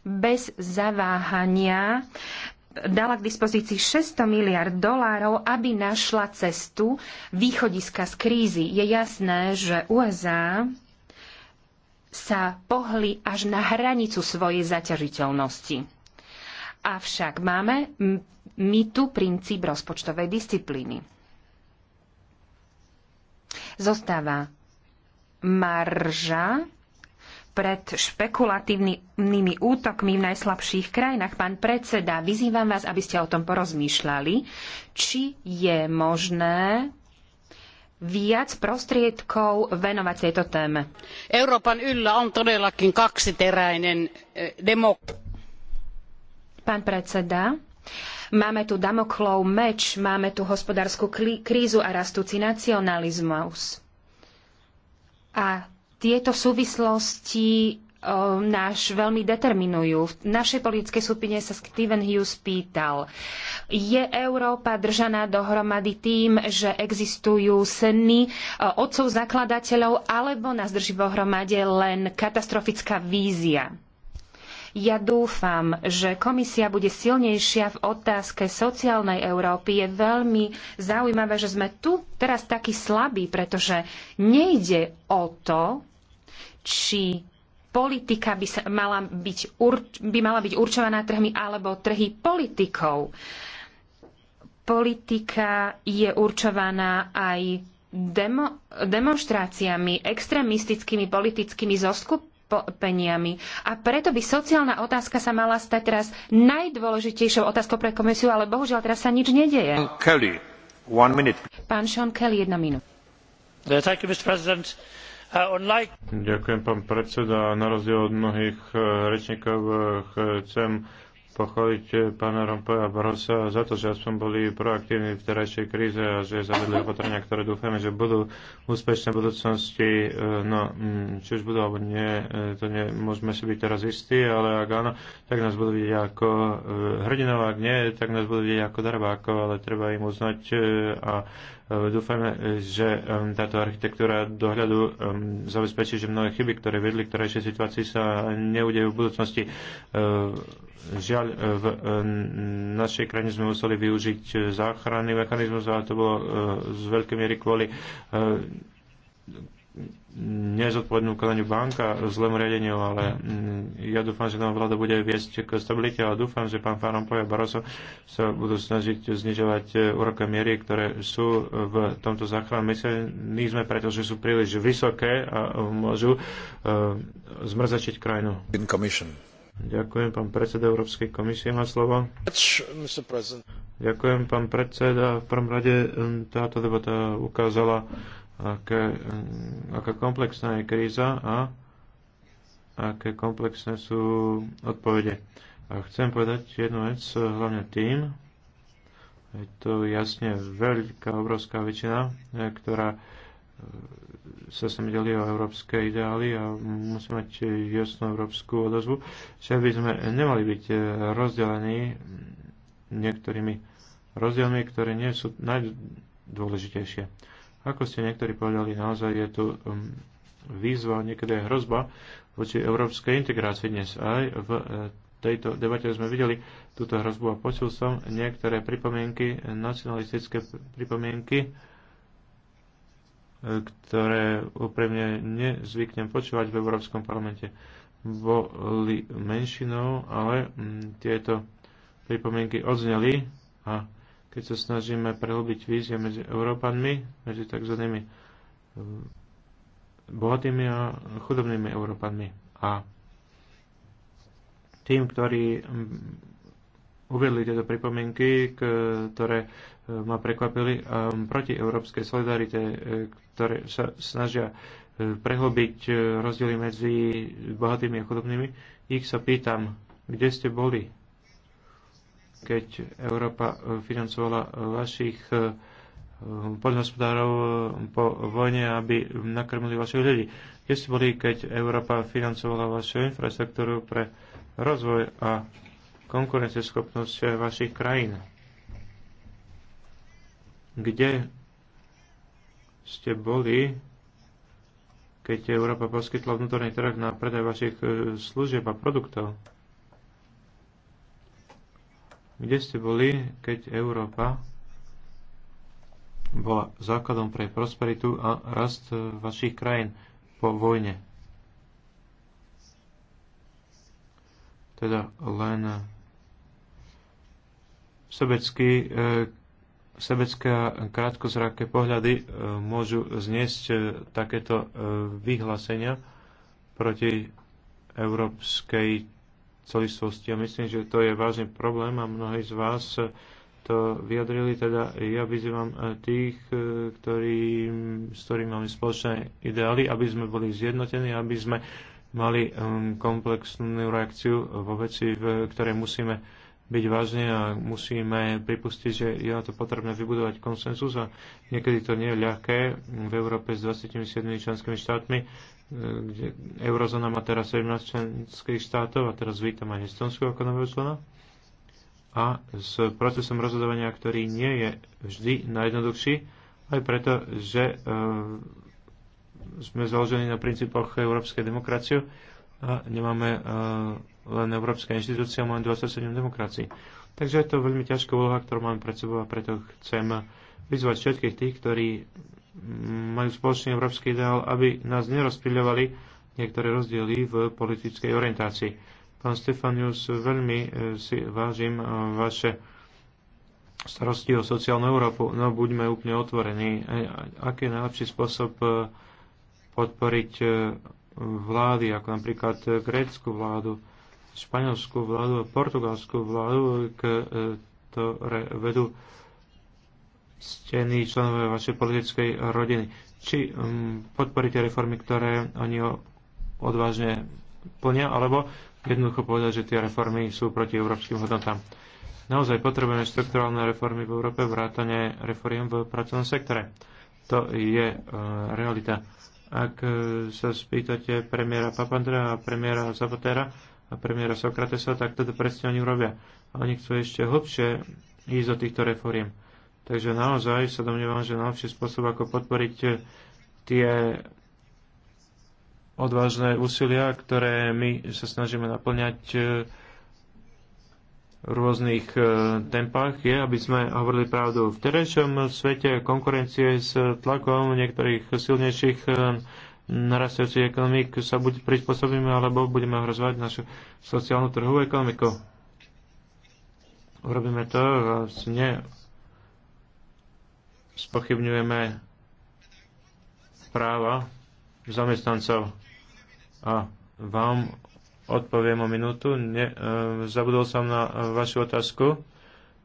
Speaker 1: bez zaváhania dala k dispozícii 600 miliard dolárov, aby našla cestu východiska z krízy. Je jasné, že USA sa pohli až na hranicu svojej zaťažiteľnosti. Avšak máme my tu princíp rozpočtovej disciplíny. Zostáva marža pred špekulatívnymi útokmi v najslabších krajinách. Pán predseda, vyzývam vás, aby ste o tom porozmýšľali, či je možné viac prostriedkov venovať tejto téme. Európan yllä on todellakin kaksiteräinen eh, demok... Pán predseda, Máme tu Damoklov meč, máme tu hospodárskú krízu a rastúci nacionalizmus. A tieto súvislosti o, náš veľmi determinujú. V našej politickej skupine sa Steven Hughes pýtal, je Európa držaná dohromady tým, že existujú seny otcov zakladateľov, alebo nás drží hromade len katastrofická vízia? Ja dúfam, že komisia bude silnejšia v otázke sociálnej Európy. Je veľmi zaujímavé, že sme tu teraz takí slabí, pretože nejde o to, či politika by, sa mala byť, by mala byť určovaná trhmi alebo trhy politikov. Politika je určovaná aj demo, demonstráciami, extrémistickými politickými zoskupmi peniami. A preto by sociálna otázka sa mala stať teraz najdôležitejšou otázkou pre komisiu, ale bohužiaľ teraz sa nič nedieje. Kelly, Pán Sean Kelly, jedna minúta.
Speaker 2: Uh, uh, Ďakujem, pán predseda. Na rozdiel od mnohých uh, rečníkov chcem pochváliť eh, pána Rompoja a Barosa za to, že aspoň boli proaktívni v terajšej kríze a že zavedli opatrenia, ktoré dúfame, že budú úspešné v budúcnosti. Eh, no, mm, či už budú alebo nie, eh, to nie, môžeme si byť teraz istí, ale ak áno, tak nás budú vidieť ako hrdinov, ak nie, tak nás budú vidieť ako darbákov, ale treba im uznať a Eh, Dúfame, že táto architektúra dohľadu zabezpečí, že mnohé chyby, ktoré vedli k terajšej situácii, sa neudejú v budúcnosti. Eh, žiaľ, eh, v našej krajine sme museli využiť záchranný mechanizmus, ale to bolo z veľkej miery kvôli nezodpovednú konaniu banka, zlému riadeniu, ale mm, ja dúfam, že nám vláda bude viesť k stabilite a dúfam, že pán Fárom a sa budú snažiť znižovať e, úrokové miery, ktoré sú v tomto sme preto, pretože sú príliš vysoké a môžu e, zmrzačiť krajinu. Ďakujem, pán predseda Európskej komisie má slovo. Ďakujem, pán predseda. V prvom rade táto debata ukázala, aké, mm, aká komplexná je kríza a aké komplexné sú odpovede. A chcem povedať jednu vec, hlavne tým, je to jasne veľká, obrovská väčšina, eh, ktorá eh, sa sem delí o európske ideály a musí mať jasnú európsku odozvu, že by sme nemali byť eh, rozdelení niektorými rozdielmi, ktoré nie sú najdôležitejšie. Ako ste niektorí povedali, naozaj je tu um, výzva, niekedy je hrozba voči európskej integrácii dnes. Aj v e, tejto debate sme videli túto hrozbu a počul som niektoré pripomienky, nacionalistické pripomienky, e, ktoré úprimne nezvyknem počúvať v Európskom parlamente. Boli menšinou, ale mm, tieto pripomienky odzneli a keď sa snažíme prehlbiť vízie medzi Európanmi, medzi tzv. Eh, bohatými a chudobnými Európanmi. A tým, ktorí mm, uvedli tieto pripomienky, ktoré eh, ma prekvapili eh, proti európskej solidarite, ktoré sa snažia prehlbiť rozdiely medzi bohatými a chudobnými, ich sa pýtam, kde ste boli keď Európa e, financovala e, vašich e, poľnohospodárov po vojne, aby nakrmili vašich ľudí. Kde ste boli, keď Európa financovala vašu infraštruktúru pre rozvoj a konkurencieschopnosť vašich krajín? Kde ste boli, keď Európa poskytla vnútorný trh na predaj vašich služieb a produktov? Kde ste boli, keď Európa bola základom pre prosperitu a rast vašich krajín po vojne? Teda len eh, sebecky, eh, sebecké a krátkozraké pohľady eh, môžu zniesť takéto vyhlásenia proti európskej celistvosti. A myslím, že to je vážny problém a mnohí z vás to vyjadrili. Teda ja vyzývam eh, tých, eh, ktorí, s ktorými máme spoločné ideály, aby sme boli zjednotení, aby sme mali ehm, komplexnú reakciu vo veci, v ktorej musíme byť vážne a musíme pripustiť, že je na to potrebné vybudovať konsensus a niekedy to nie je ľahké v Európe s 27 členskými štátmi kde eurozóna má teraz 17 členských štátov a teraz vítam aj Estonsko ako nového člena. A s procesom rozhodovania, ktorý nie je vždy najjednoduchší, aj preto, že e, sme založení na princípoch európskej demokracie a nemáme e, len európske inštitúcie, máme 27 demokracií. Takže je to veľmi ťažká úloha, ktorú máme pred sebou a preto chcem eh, vyzvať všetkých tých, ktorí majú spoločný európsky ideál, aby nás nerozpíľovali niektoré rozdiely v politickej orientácii. Pán Stefanius, veľmi e, si vážim e, vaše starosti o sociálnu Európu, no buďme úplne otvorení. E, aký je najlepší spôsob podporiť vlády, ako napríklad grécku vládu, španielskú vládu a portugalskú vládu, ktoré vedú stení členové vašej politickej rodiny. Či um, podporíte reformy, ktoré oni odvážne plnia, alebo jednoducho povedať, že tie reformy sú proti európskym hodnotám. Naozaj potrebujeme štrukturálne reformy v Európe, vrátane reforiem v pracovnom sektore. To je e, realita. Ak e, sa spýtate premiéra Papandrea a premiéra Zapatera a premiéra Sokratesa, tak toto presne oni urobia. oni chcú ešte hlbšie ísť do týchto reforiem. Takže naozaj sa domnievam, že najlepší spôsob, ako podporiť eh, tie odvážne úsilia, ktoré my sa snažíme naplňať eh, v rôznych eh, tempách, je, aby sme hovorili pravdu. V terajšom svete konkurencie s tlakom niektorých silnejších narastajúcich ekonomík sa buď prispôsobíme, alebo budeme ohrozovať našu sociálnu trhovú ekonomiku. Urobíme to vlastne spochybňujeme práva zamestnancov. A vám odpoviem o minútu. Ne, e, zabudol som na e, vašu otázku.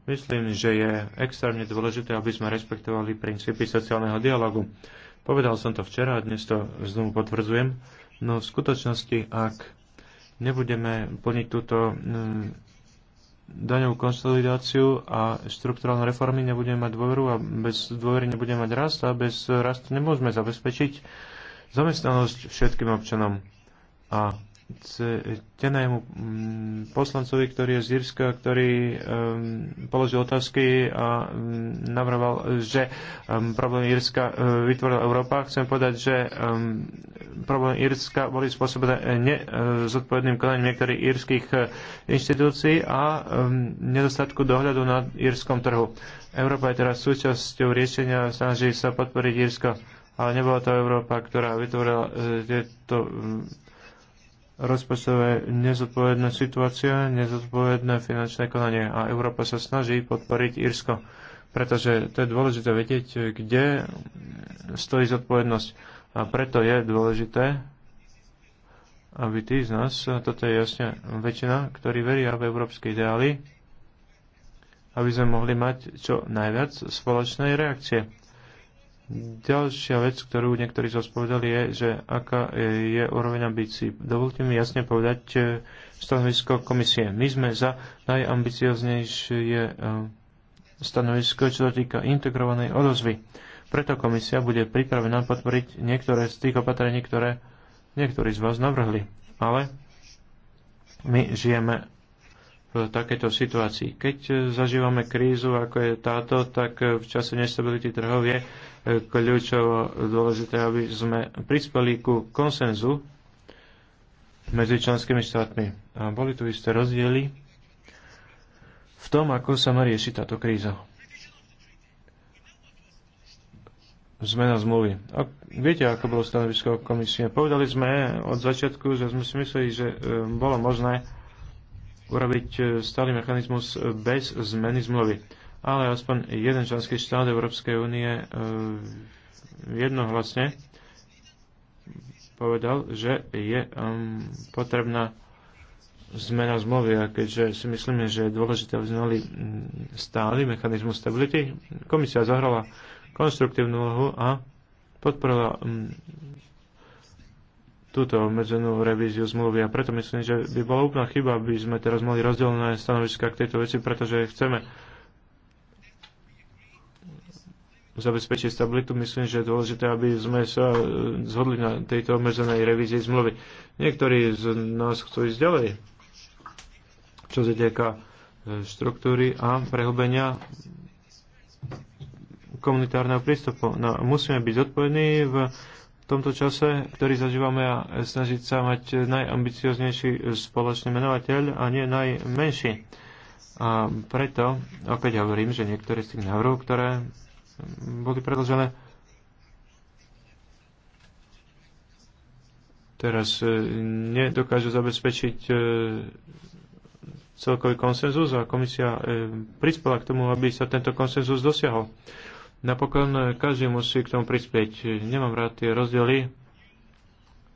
Speaker 2: Myslím, že je extrémne dôležité, aby sme respektovali princípy sociálneho dialogu. Povedal som to včera a dnes to znovu potvrdzujem. No v skutočnosti, ak nebudeme plniť túto daňovú konsolidáciu a štrukturálne reformy nebudeme mať dôveru a bez dôvery nebudeme mať rast a bez rastu nemôžeme zabezpečiť zamestnanosť všetkým občanom. A ctenému mm, poslancovi, ktorý je z Írska, ktorý um, položil otázky a um, navrhoval, že um, problém Jirska um, vytvorila Európa. Chcem povedať, že um, problém Jirska boli spôsobené nezodpovedným uh, konaním niektorých írskych e, inštitúcií a um, nedostatku dohľadu na írskom trhu. Európa je teraz súčasťou riešenia, snaží sa podporiť Jirsko, ale nebola to Európa, ktorá vytvorila uh, tieto um, rozpočtové nezodpovedná situácia, nezodpovedné finančné konanie a Európa sa snaží podporiť Írsko, pretože to je dôležité vedieť, kde stojí zodpovednosť. A preto je dôležité, aby tí z nás, toto je jasne väčšina, ktorí veria v európske ideály, aby sme mohli mať čo najviac spoločnej reakcie. Ďalšia vec, ktorú niektorí z vás povedali, je, že aká je úroveň ambícií. Dovolte mi jasne povedať e, stanovisko komisie. My sme za najambicioznejšie e, stanovisko, čo sa týka integrovanej odozvy. Preto komisia bude pripravená podporiť niektoré z tých opatrení, ktoré niektorí z vás navrhli. Ale my žijeme v takejto situácii. Keď e, zažívame krízu, ako je táto, tak v čase nestability trhov je kľúčovo dôležité, aby sme prispeli ku konsenzu medzi členskými štátmi. A boli tu isté rozdiely v tom, ako sa má riešiť táto kríza. zmena zmluvy. A viete, ako bolo stanovisko komisie? Povedali sme od začiatku, že sme si mysleli, že e, bolo možné urobiť e, stály mechanizmus bez zmeny zmluvy ale aspoň jeden členský štát Európskej únie e, jednohlasne povedal, že je potrebná zmena zmluvy. A keďže si myslíme, že je dôležité, aby sme mali stály mechanizmus stability, komisia zahrala konstruktívnu úlohu a podporila túto obmedzenú revíziu zmluvy a preto myslím, že by bola úplná chyba, aby sme teraz mali rozdelené stanoviska k tejto veci, pretože chceme zabezpečiť stabilitu, myslím, že je dôležité, aby sme sa e, zhodli na tejto obmedzenej revízii zmluvy. Niektorí z nás chcú ísť ďalej, čo sa týka e, štruktúry a prehobenia komunitárneho prístupu. No, musíme byť zodpovední v tomto čase, ktorý zažívame a snažiť sa mať najambicioznejší spoločný menovateľ a nie najmenší. A preto opäť hovorím, že niektoré z tých návrhov, ktoré boli predlžené. Teraz e, nedokážu zabezpečiť e, celkový konsenzus a komisia e, prispela k tomu, aby sa tento konsenzus dosiahol. Napokon každý musí k tomu prispieť. Nemám rád tie rozdiely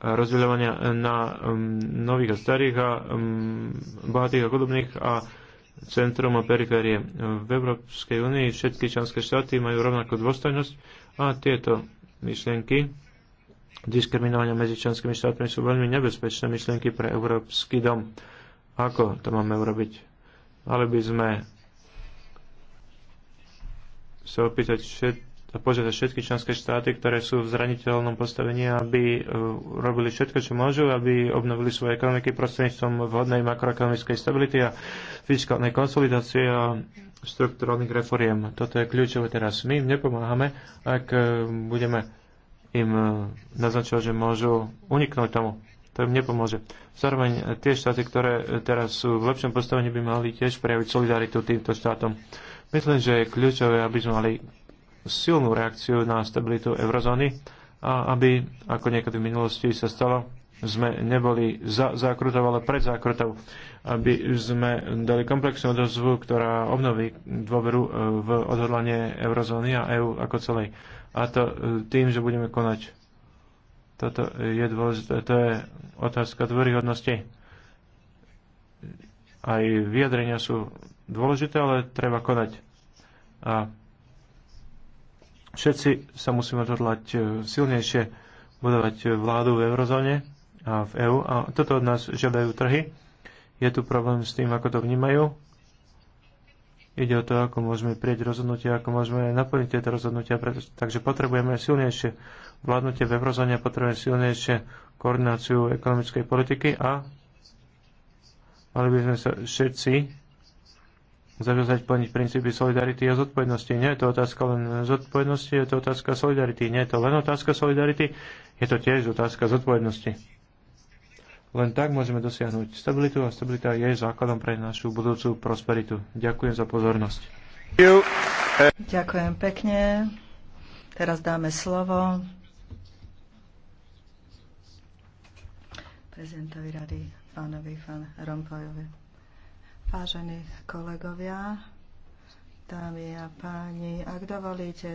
Speaker 2: rozdeľovania na nových a starých a bohatých a chudobných a centrum a periférie. V Európskej únii všetky členské štáty majú rovnakú dôstojnosť a tieto myšlienky diskriminovania medzi členskými štátmi sú veľmi nebezpečné myšlienky pre Európsky dom. Ako to máme urobiť? Ale by sme sa opýtať všetkých požiadať všetky členské štáty, ktoré sú v zraniteľnom postavení, aby e, robili všetko, čo môžu, aby obnovili svoje ekonomiky prostredníctvom vhodnej makroekonomickej stability a fiskálnej konsolidácie a štruktúrnych reforiem. Toto je kľúčové teraz. My im nepomáhame, ak e, budeme im e, naznačovať, že môžu uniknúť tomu. To im nepomôže. Zároveň tie štáty, ktoré teraz sú v lepšom postavení, by mali tiež prejaviť solidaritu týmto štátom. Myslím, že je kľúčové, aby sme mali silnú reakciu na stabilitu eurozóny a aby, ako niekedy v minulosti sa stalo, sme neboli za zákrutov, ale pred zákrutov, aby sme dali komplexnú odozvu, ktorá obnoví dôveru e, v odhodlanie eurozóny a EÚ EU ako celej. A to e, tým, že budeme konať. Toto je dôležité, to je otázka dôryhodnosti. Aj vyjadrenia sú dôležité, ale treba konať. A Všetci sa musíme odhodlať e, silnejšie budovať e, vládu v eurozóne a v EÚ a toto od nás žiadajú trhy. Je tu problém s tým, ako to vnímajú. Ide o to, ako môžeme prieť rozhodnutia, ako môžeme naplniť tieto rozhodnutia. Takže potrebujeme silnejšie vládnutie v eurozóne, potrebujeme silnejšie koordináciu ekonomickej politiky a mali by sme sa všetci zaviazať plniť princípy solidarity a zodpovednosti. Nie je to otázka len zodpovednosti, je to otázka solidarity. Nie je to len otázka solidarity, je to tiež otázka zodpovednosti. Len tak môžeme dosiahnuť stabilitu a stabilita je základom pre našu budúcu prosperitu. Ďakujem za pozornosť. Ďakujem pekne.
Speaker 3: Teraz dáme slovo prezidentovi rady pánovi Van Rompuyovi. Vážení kolegovia, dámy a páni, ak dovolíte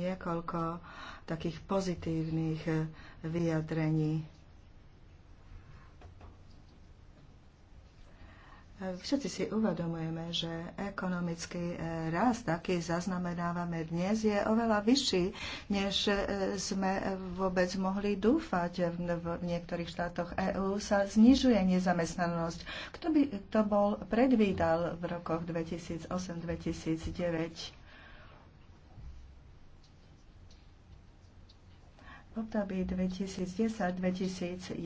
Speaker 3: niekoľko takých pozitívnych vyjadrení Všetci si uvedomujeme, že ekonomický e, rast, aký zaznamenávame dnes, je oveľa vyšší, než e, sme vôbec mohli dúfať. V niektorých štátoch EÚ sa znižuje nezamestnanosť. Kto by to bol predvídal v rokoch 2008-2009? období 2010-2011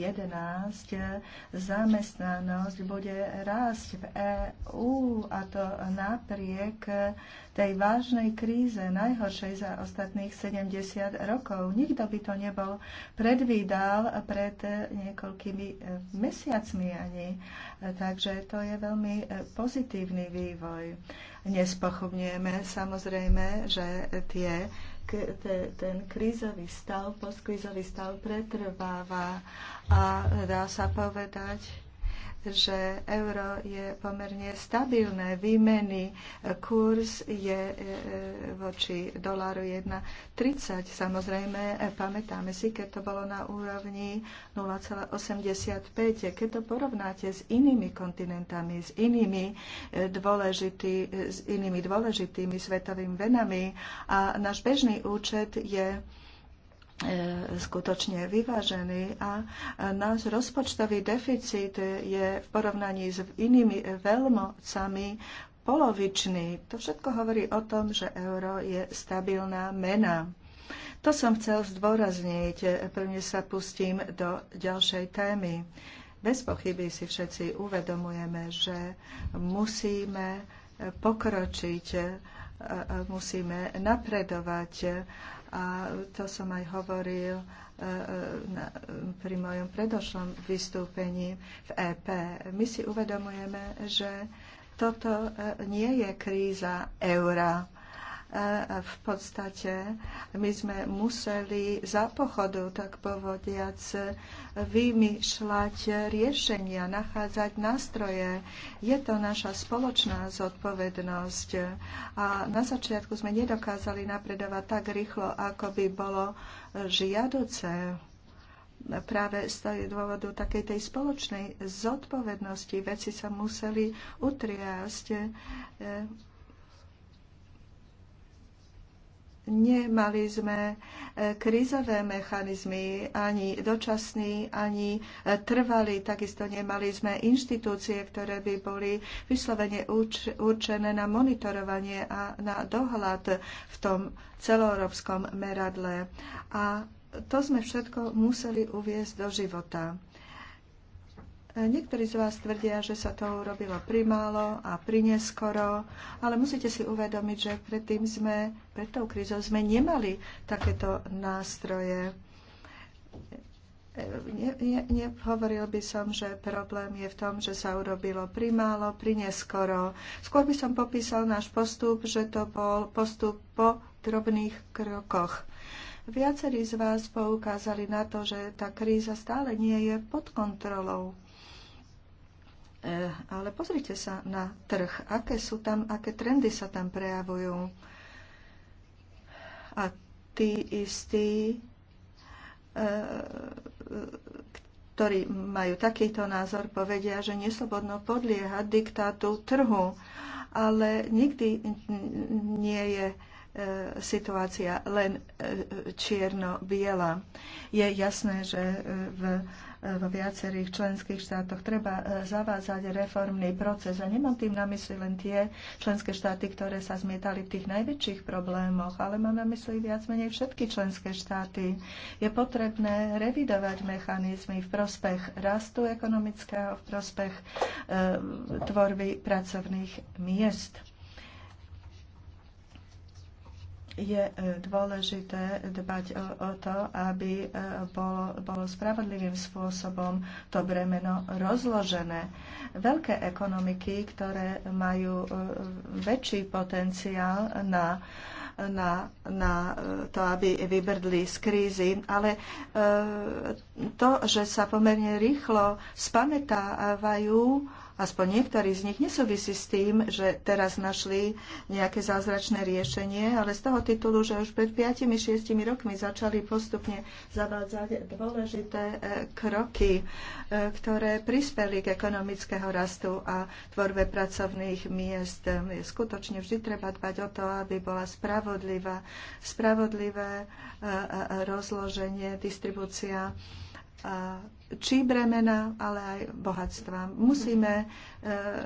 Speaker 3: zamestnanosť bude rásť v EÚ a to napriek tej vážnej kríze, najhoršej za ostatných 70 rokov. Nikto by to nebol predvídal pred niekoľkými mesiacmi ani. Takže to je veľmi pozitívny vývoj. Nespochybňujeme samozrejme, že tie ten krízový stav, postkrízový stav pretrváva a dá sa povedať, že euro je pomerne stabilné výmeny. E, Kurs je e, e, voči dolaru 1,30. Samozrejme, pamätáme si, keď to bolo na úrovni 0,85. Keď to porovnáte s inými kontinentami, s inými, dôležitý, s inými dôležitými svetovými venami a náš bežný účet je E, skutočne vyvážený a náš rozpočtový deficit je v porovnaní s inými veľmocami polovičný. To všetko hovorí o tom, že euro je stabilná mena. To som chcel zdôrazniť, e, prvne sa pustím do ďalšej témy. Bez pochyby si všetci uvedomujeme, že musíme pokročiť, e, musíme napredovať a to som aj hovoril e, e, pri mojom predošlom vystúpení v EP. My si uvedomujeme, že toto e, nie je kríza eura v podstate my sme museli za pochodu, tak povodiac, vymýšľať riešenia, nachádzať nástroje. Je to naša spoločná zodpovednosť. A na začiatku sme nedokázali napredovať tak rýchlo, ako by bolo žiaduce práve z toho dôvodu takej tej spoločnej zodpovednosti. Veci sa museli utriasť Nemali sme e, krízové mechanizmy, ani dočasný, ani e, trvalý. Takisto nemali sme inštitúcie, ktoré by boli vyslovene určené na monitorovanie a na dohľad v tom celoeurópskom meradle. A to sme všetko museli uviezť do života. E, niektorí z vás tvrdia, že sa to urobilo primálo a prineskoro, ale musíte si uvedomiť, že predtým sme, pred tou krízou sme nemali takéto nástroje. E, ne, ne, nehovoril by som, že problém je v tom, že sa urobilo primálo, prineskoro. Skôr by som popísal náš postup, že to bol postup po drobných krokoch. Viacerí z vás poukázali na to, že tá kríza stále nie je pod kontrolou. Eh, ale pozrite sa na trh, aké sú tam, aké trendy sa tam prejavujú. A tí istí, eh, ktorí majú takýto názor, povedia, že neslobodno podlieha diktátu trhu, ale nikdy nie je eh, situácia len čierno-biela. Je jasné, že v v viacerých členských štátoch. Treba e, zavázať reformný proces a nemám tým na mysli len tie členské štáty, ktoré sa zmietali v tých najväčších problémoch, ale mám na mysli viac menej všetky členské štáty. Je potrebné revidovať mechanizmy v prospech rastu ekonomického, v prospech e, tvorby pracovných miest je e, dôležité dbať o, to, aby e, bolo, bolo spravodlivým spôsobom to bremeno rozložené. Veľké ekonomiky, ktoré majú e, väčší potenciál na na, na to, aby vybrdli z krízy, ale to, že sa pomerne rýchlo spametávajú aspoň niektorí z nich, nesúvisí s tým, že teraz našli nejaké zázračné riešenie, ale z toho titulu, že už pred 5-6 rokmi začali postupne zavádzať dôležité e, kroky, e, ktoré prispeli k ekonomického rastu a tvorbe pracovných miest. Skutočne vždy treba dbať o to, aby bola spravodlivá, spravodlivé e, rozloženie, distribúcia a či bremena, ale aj bohatstva. Musíme e,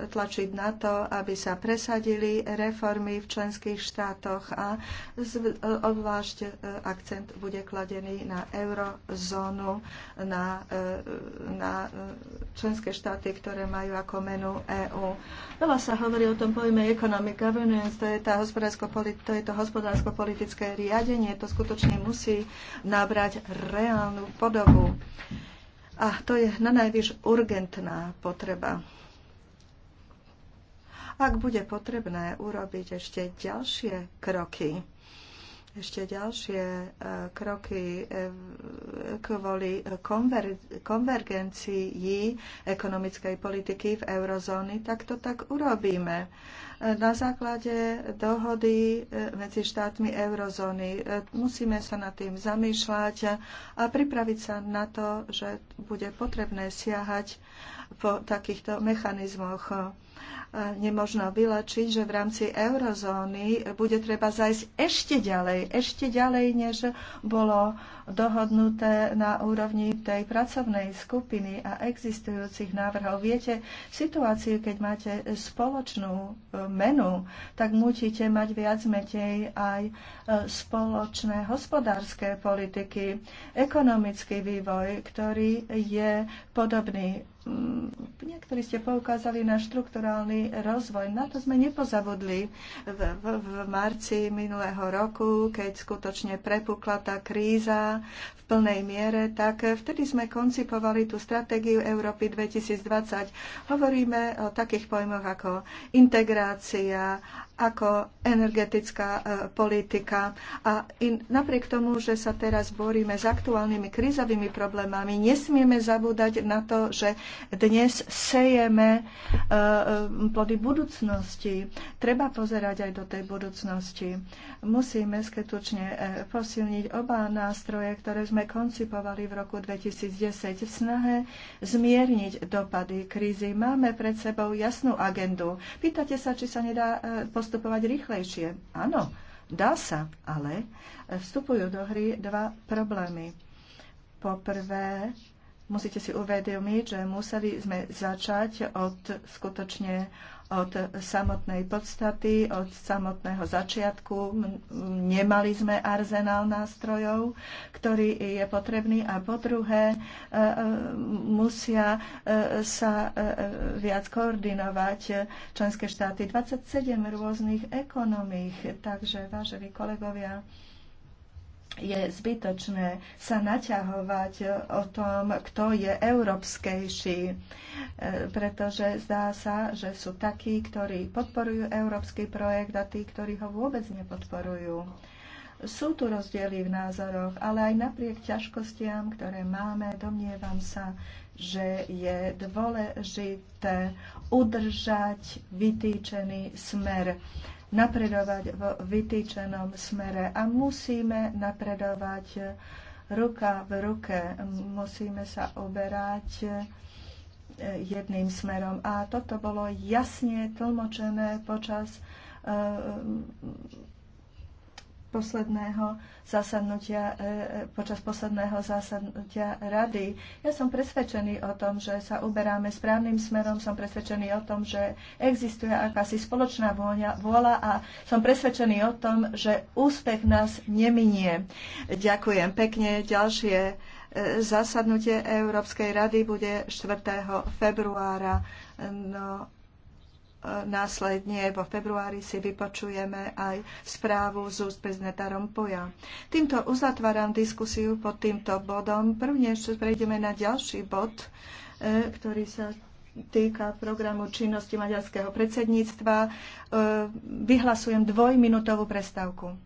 Speaker 3: tlačiť na to, aby sa presadili reformy v členských štátoch a e, obvlášť e, akcent bude kladený na eurozónu, na, na členské štáty, ktoré majú ako menu EÚ. Veľa sa hovorí o tom pojme economic governance, to je, tá hospodársko to, je to hospodársko-politické riadenie, to skutočne musí nabrať reálnu podobu. A to je na najvyš urgentná potreba. Ak bude potrebné urobiť ešte ďalšie kroky, ešte ďalšie e, kroky e, kvôli konver- konvergencii ekonomickej politiky v eurozóny, tak to tak urobíme na základe dohody e, medzi štátmi eurozóny. E, musíme sa nad tým zamýšľať a pripraviť sa na to, že bude potrebné siahať po takýchto mechanizmoch nemožno vylečiť, že v rámci eurozóny bude treba zajsť ešte ďalej, ešte ďalej, než bolo dohodnuté na úrovni tej pracovnej skupiny a existujúcich návrhov. Viete, situáciu, keď máte spoločnú e, menu, tak musíte mať viac metej aj e, spoločné hospodárske politiky, ekonomický vývoj, ktorý je podobný. Mm, niektorí ste poukázali na štruktúru rurálny rozvoj. Na to sme nepozavodli v, v, v marci minulého roku, keď skutočne prepukla tá kríza v plnej miere, tak vtedy sme koncipovali tú stratégiu Európy 2020. Hovoríme o takých pojmoch ako integrácia, ako energetická e, politika. A in, napriek tomu, že sa teraz boríme s aktuálnymi krízovými problémami, nesmieme zabúdať na to, že dnes sejeme e, e, plody budúcnosti. Treba pozerať aj do tej budúcnosti. Musíme skutočne posilniť oba nástroje, ktoré sme koncipovali v roku 2010 v snahe zmierniť dopady krízy. Máme pred sebou jasnú agendu. Pýtate sa, či sa nedá pos- postupovať rýchlejšie. Áno, dá sa, ale vstupujú do hry dva problémy. Poprvé, musíte si uvedomiť, že museli sme začať od skutočne od samotnej podstaty, od samotného začiatku. Nemali sme arzenál nástrojov, ktorý je potrebný a po druhé e, e, musia e, sa viac koordinovať členské štáty. 27 rôznych ekonomík, takže vážení kolegovia, je zbytočné sa naťahovať o tom, kto je európskejší, e, pretože zdá sa, že sú takí, ktorí podporujú európsky projekt a tí, ktorí ho vôbec nepodporujú. Sú tu rozdiely v názoroch, ale aj napriek ťažkostiam, ktoré máme, domnievam sa, že je dôležité udržať vytýčený smer napredovať v vytýčenom smere a musíme napredovať ruka v ruke. Musíme sa oberať eh, jedným smerom. A toto bolo jasne tlmočené počas eh, posledného zasadnutia, e, e, počas posledného zasadnutia rady. Ja som presvedčený o tom, že sa uberáme správnym smerom, som presvedčený o tom, že existuje akási spoločná vôľa, vôľa a som presvedčený o tom, že úspech nás neminie. Ďakujem pekne. Ďalšie e, zasadnutie Európskej rady bude 4. februára. No, následne vo februári si vypočujeme aj správu z úst prezidenta Rompoja. Týmto uzatváram diskusiu pod týmto bodom. Prvne ešte prejdeme na ďalší bod, e, ktorý sa týka programu činnosti maďarského predsedníctva. E, vyhlasujem dvojminútovú prestávku.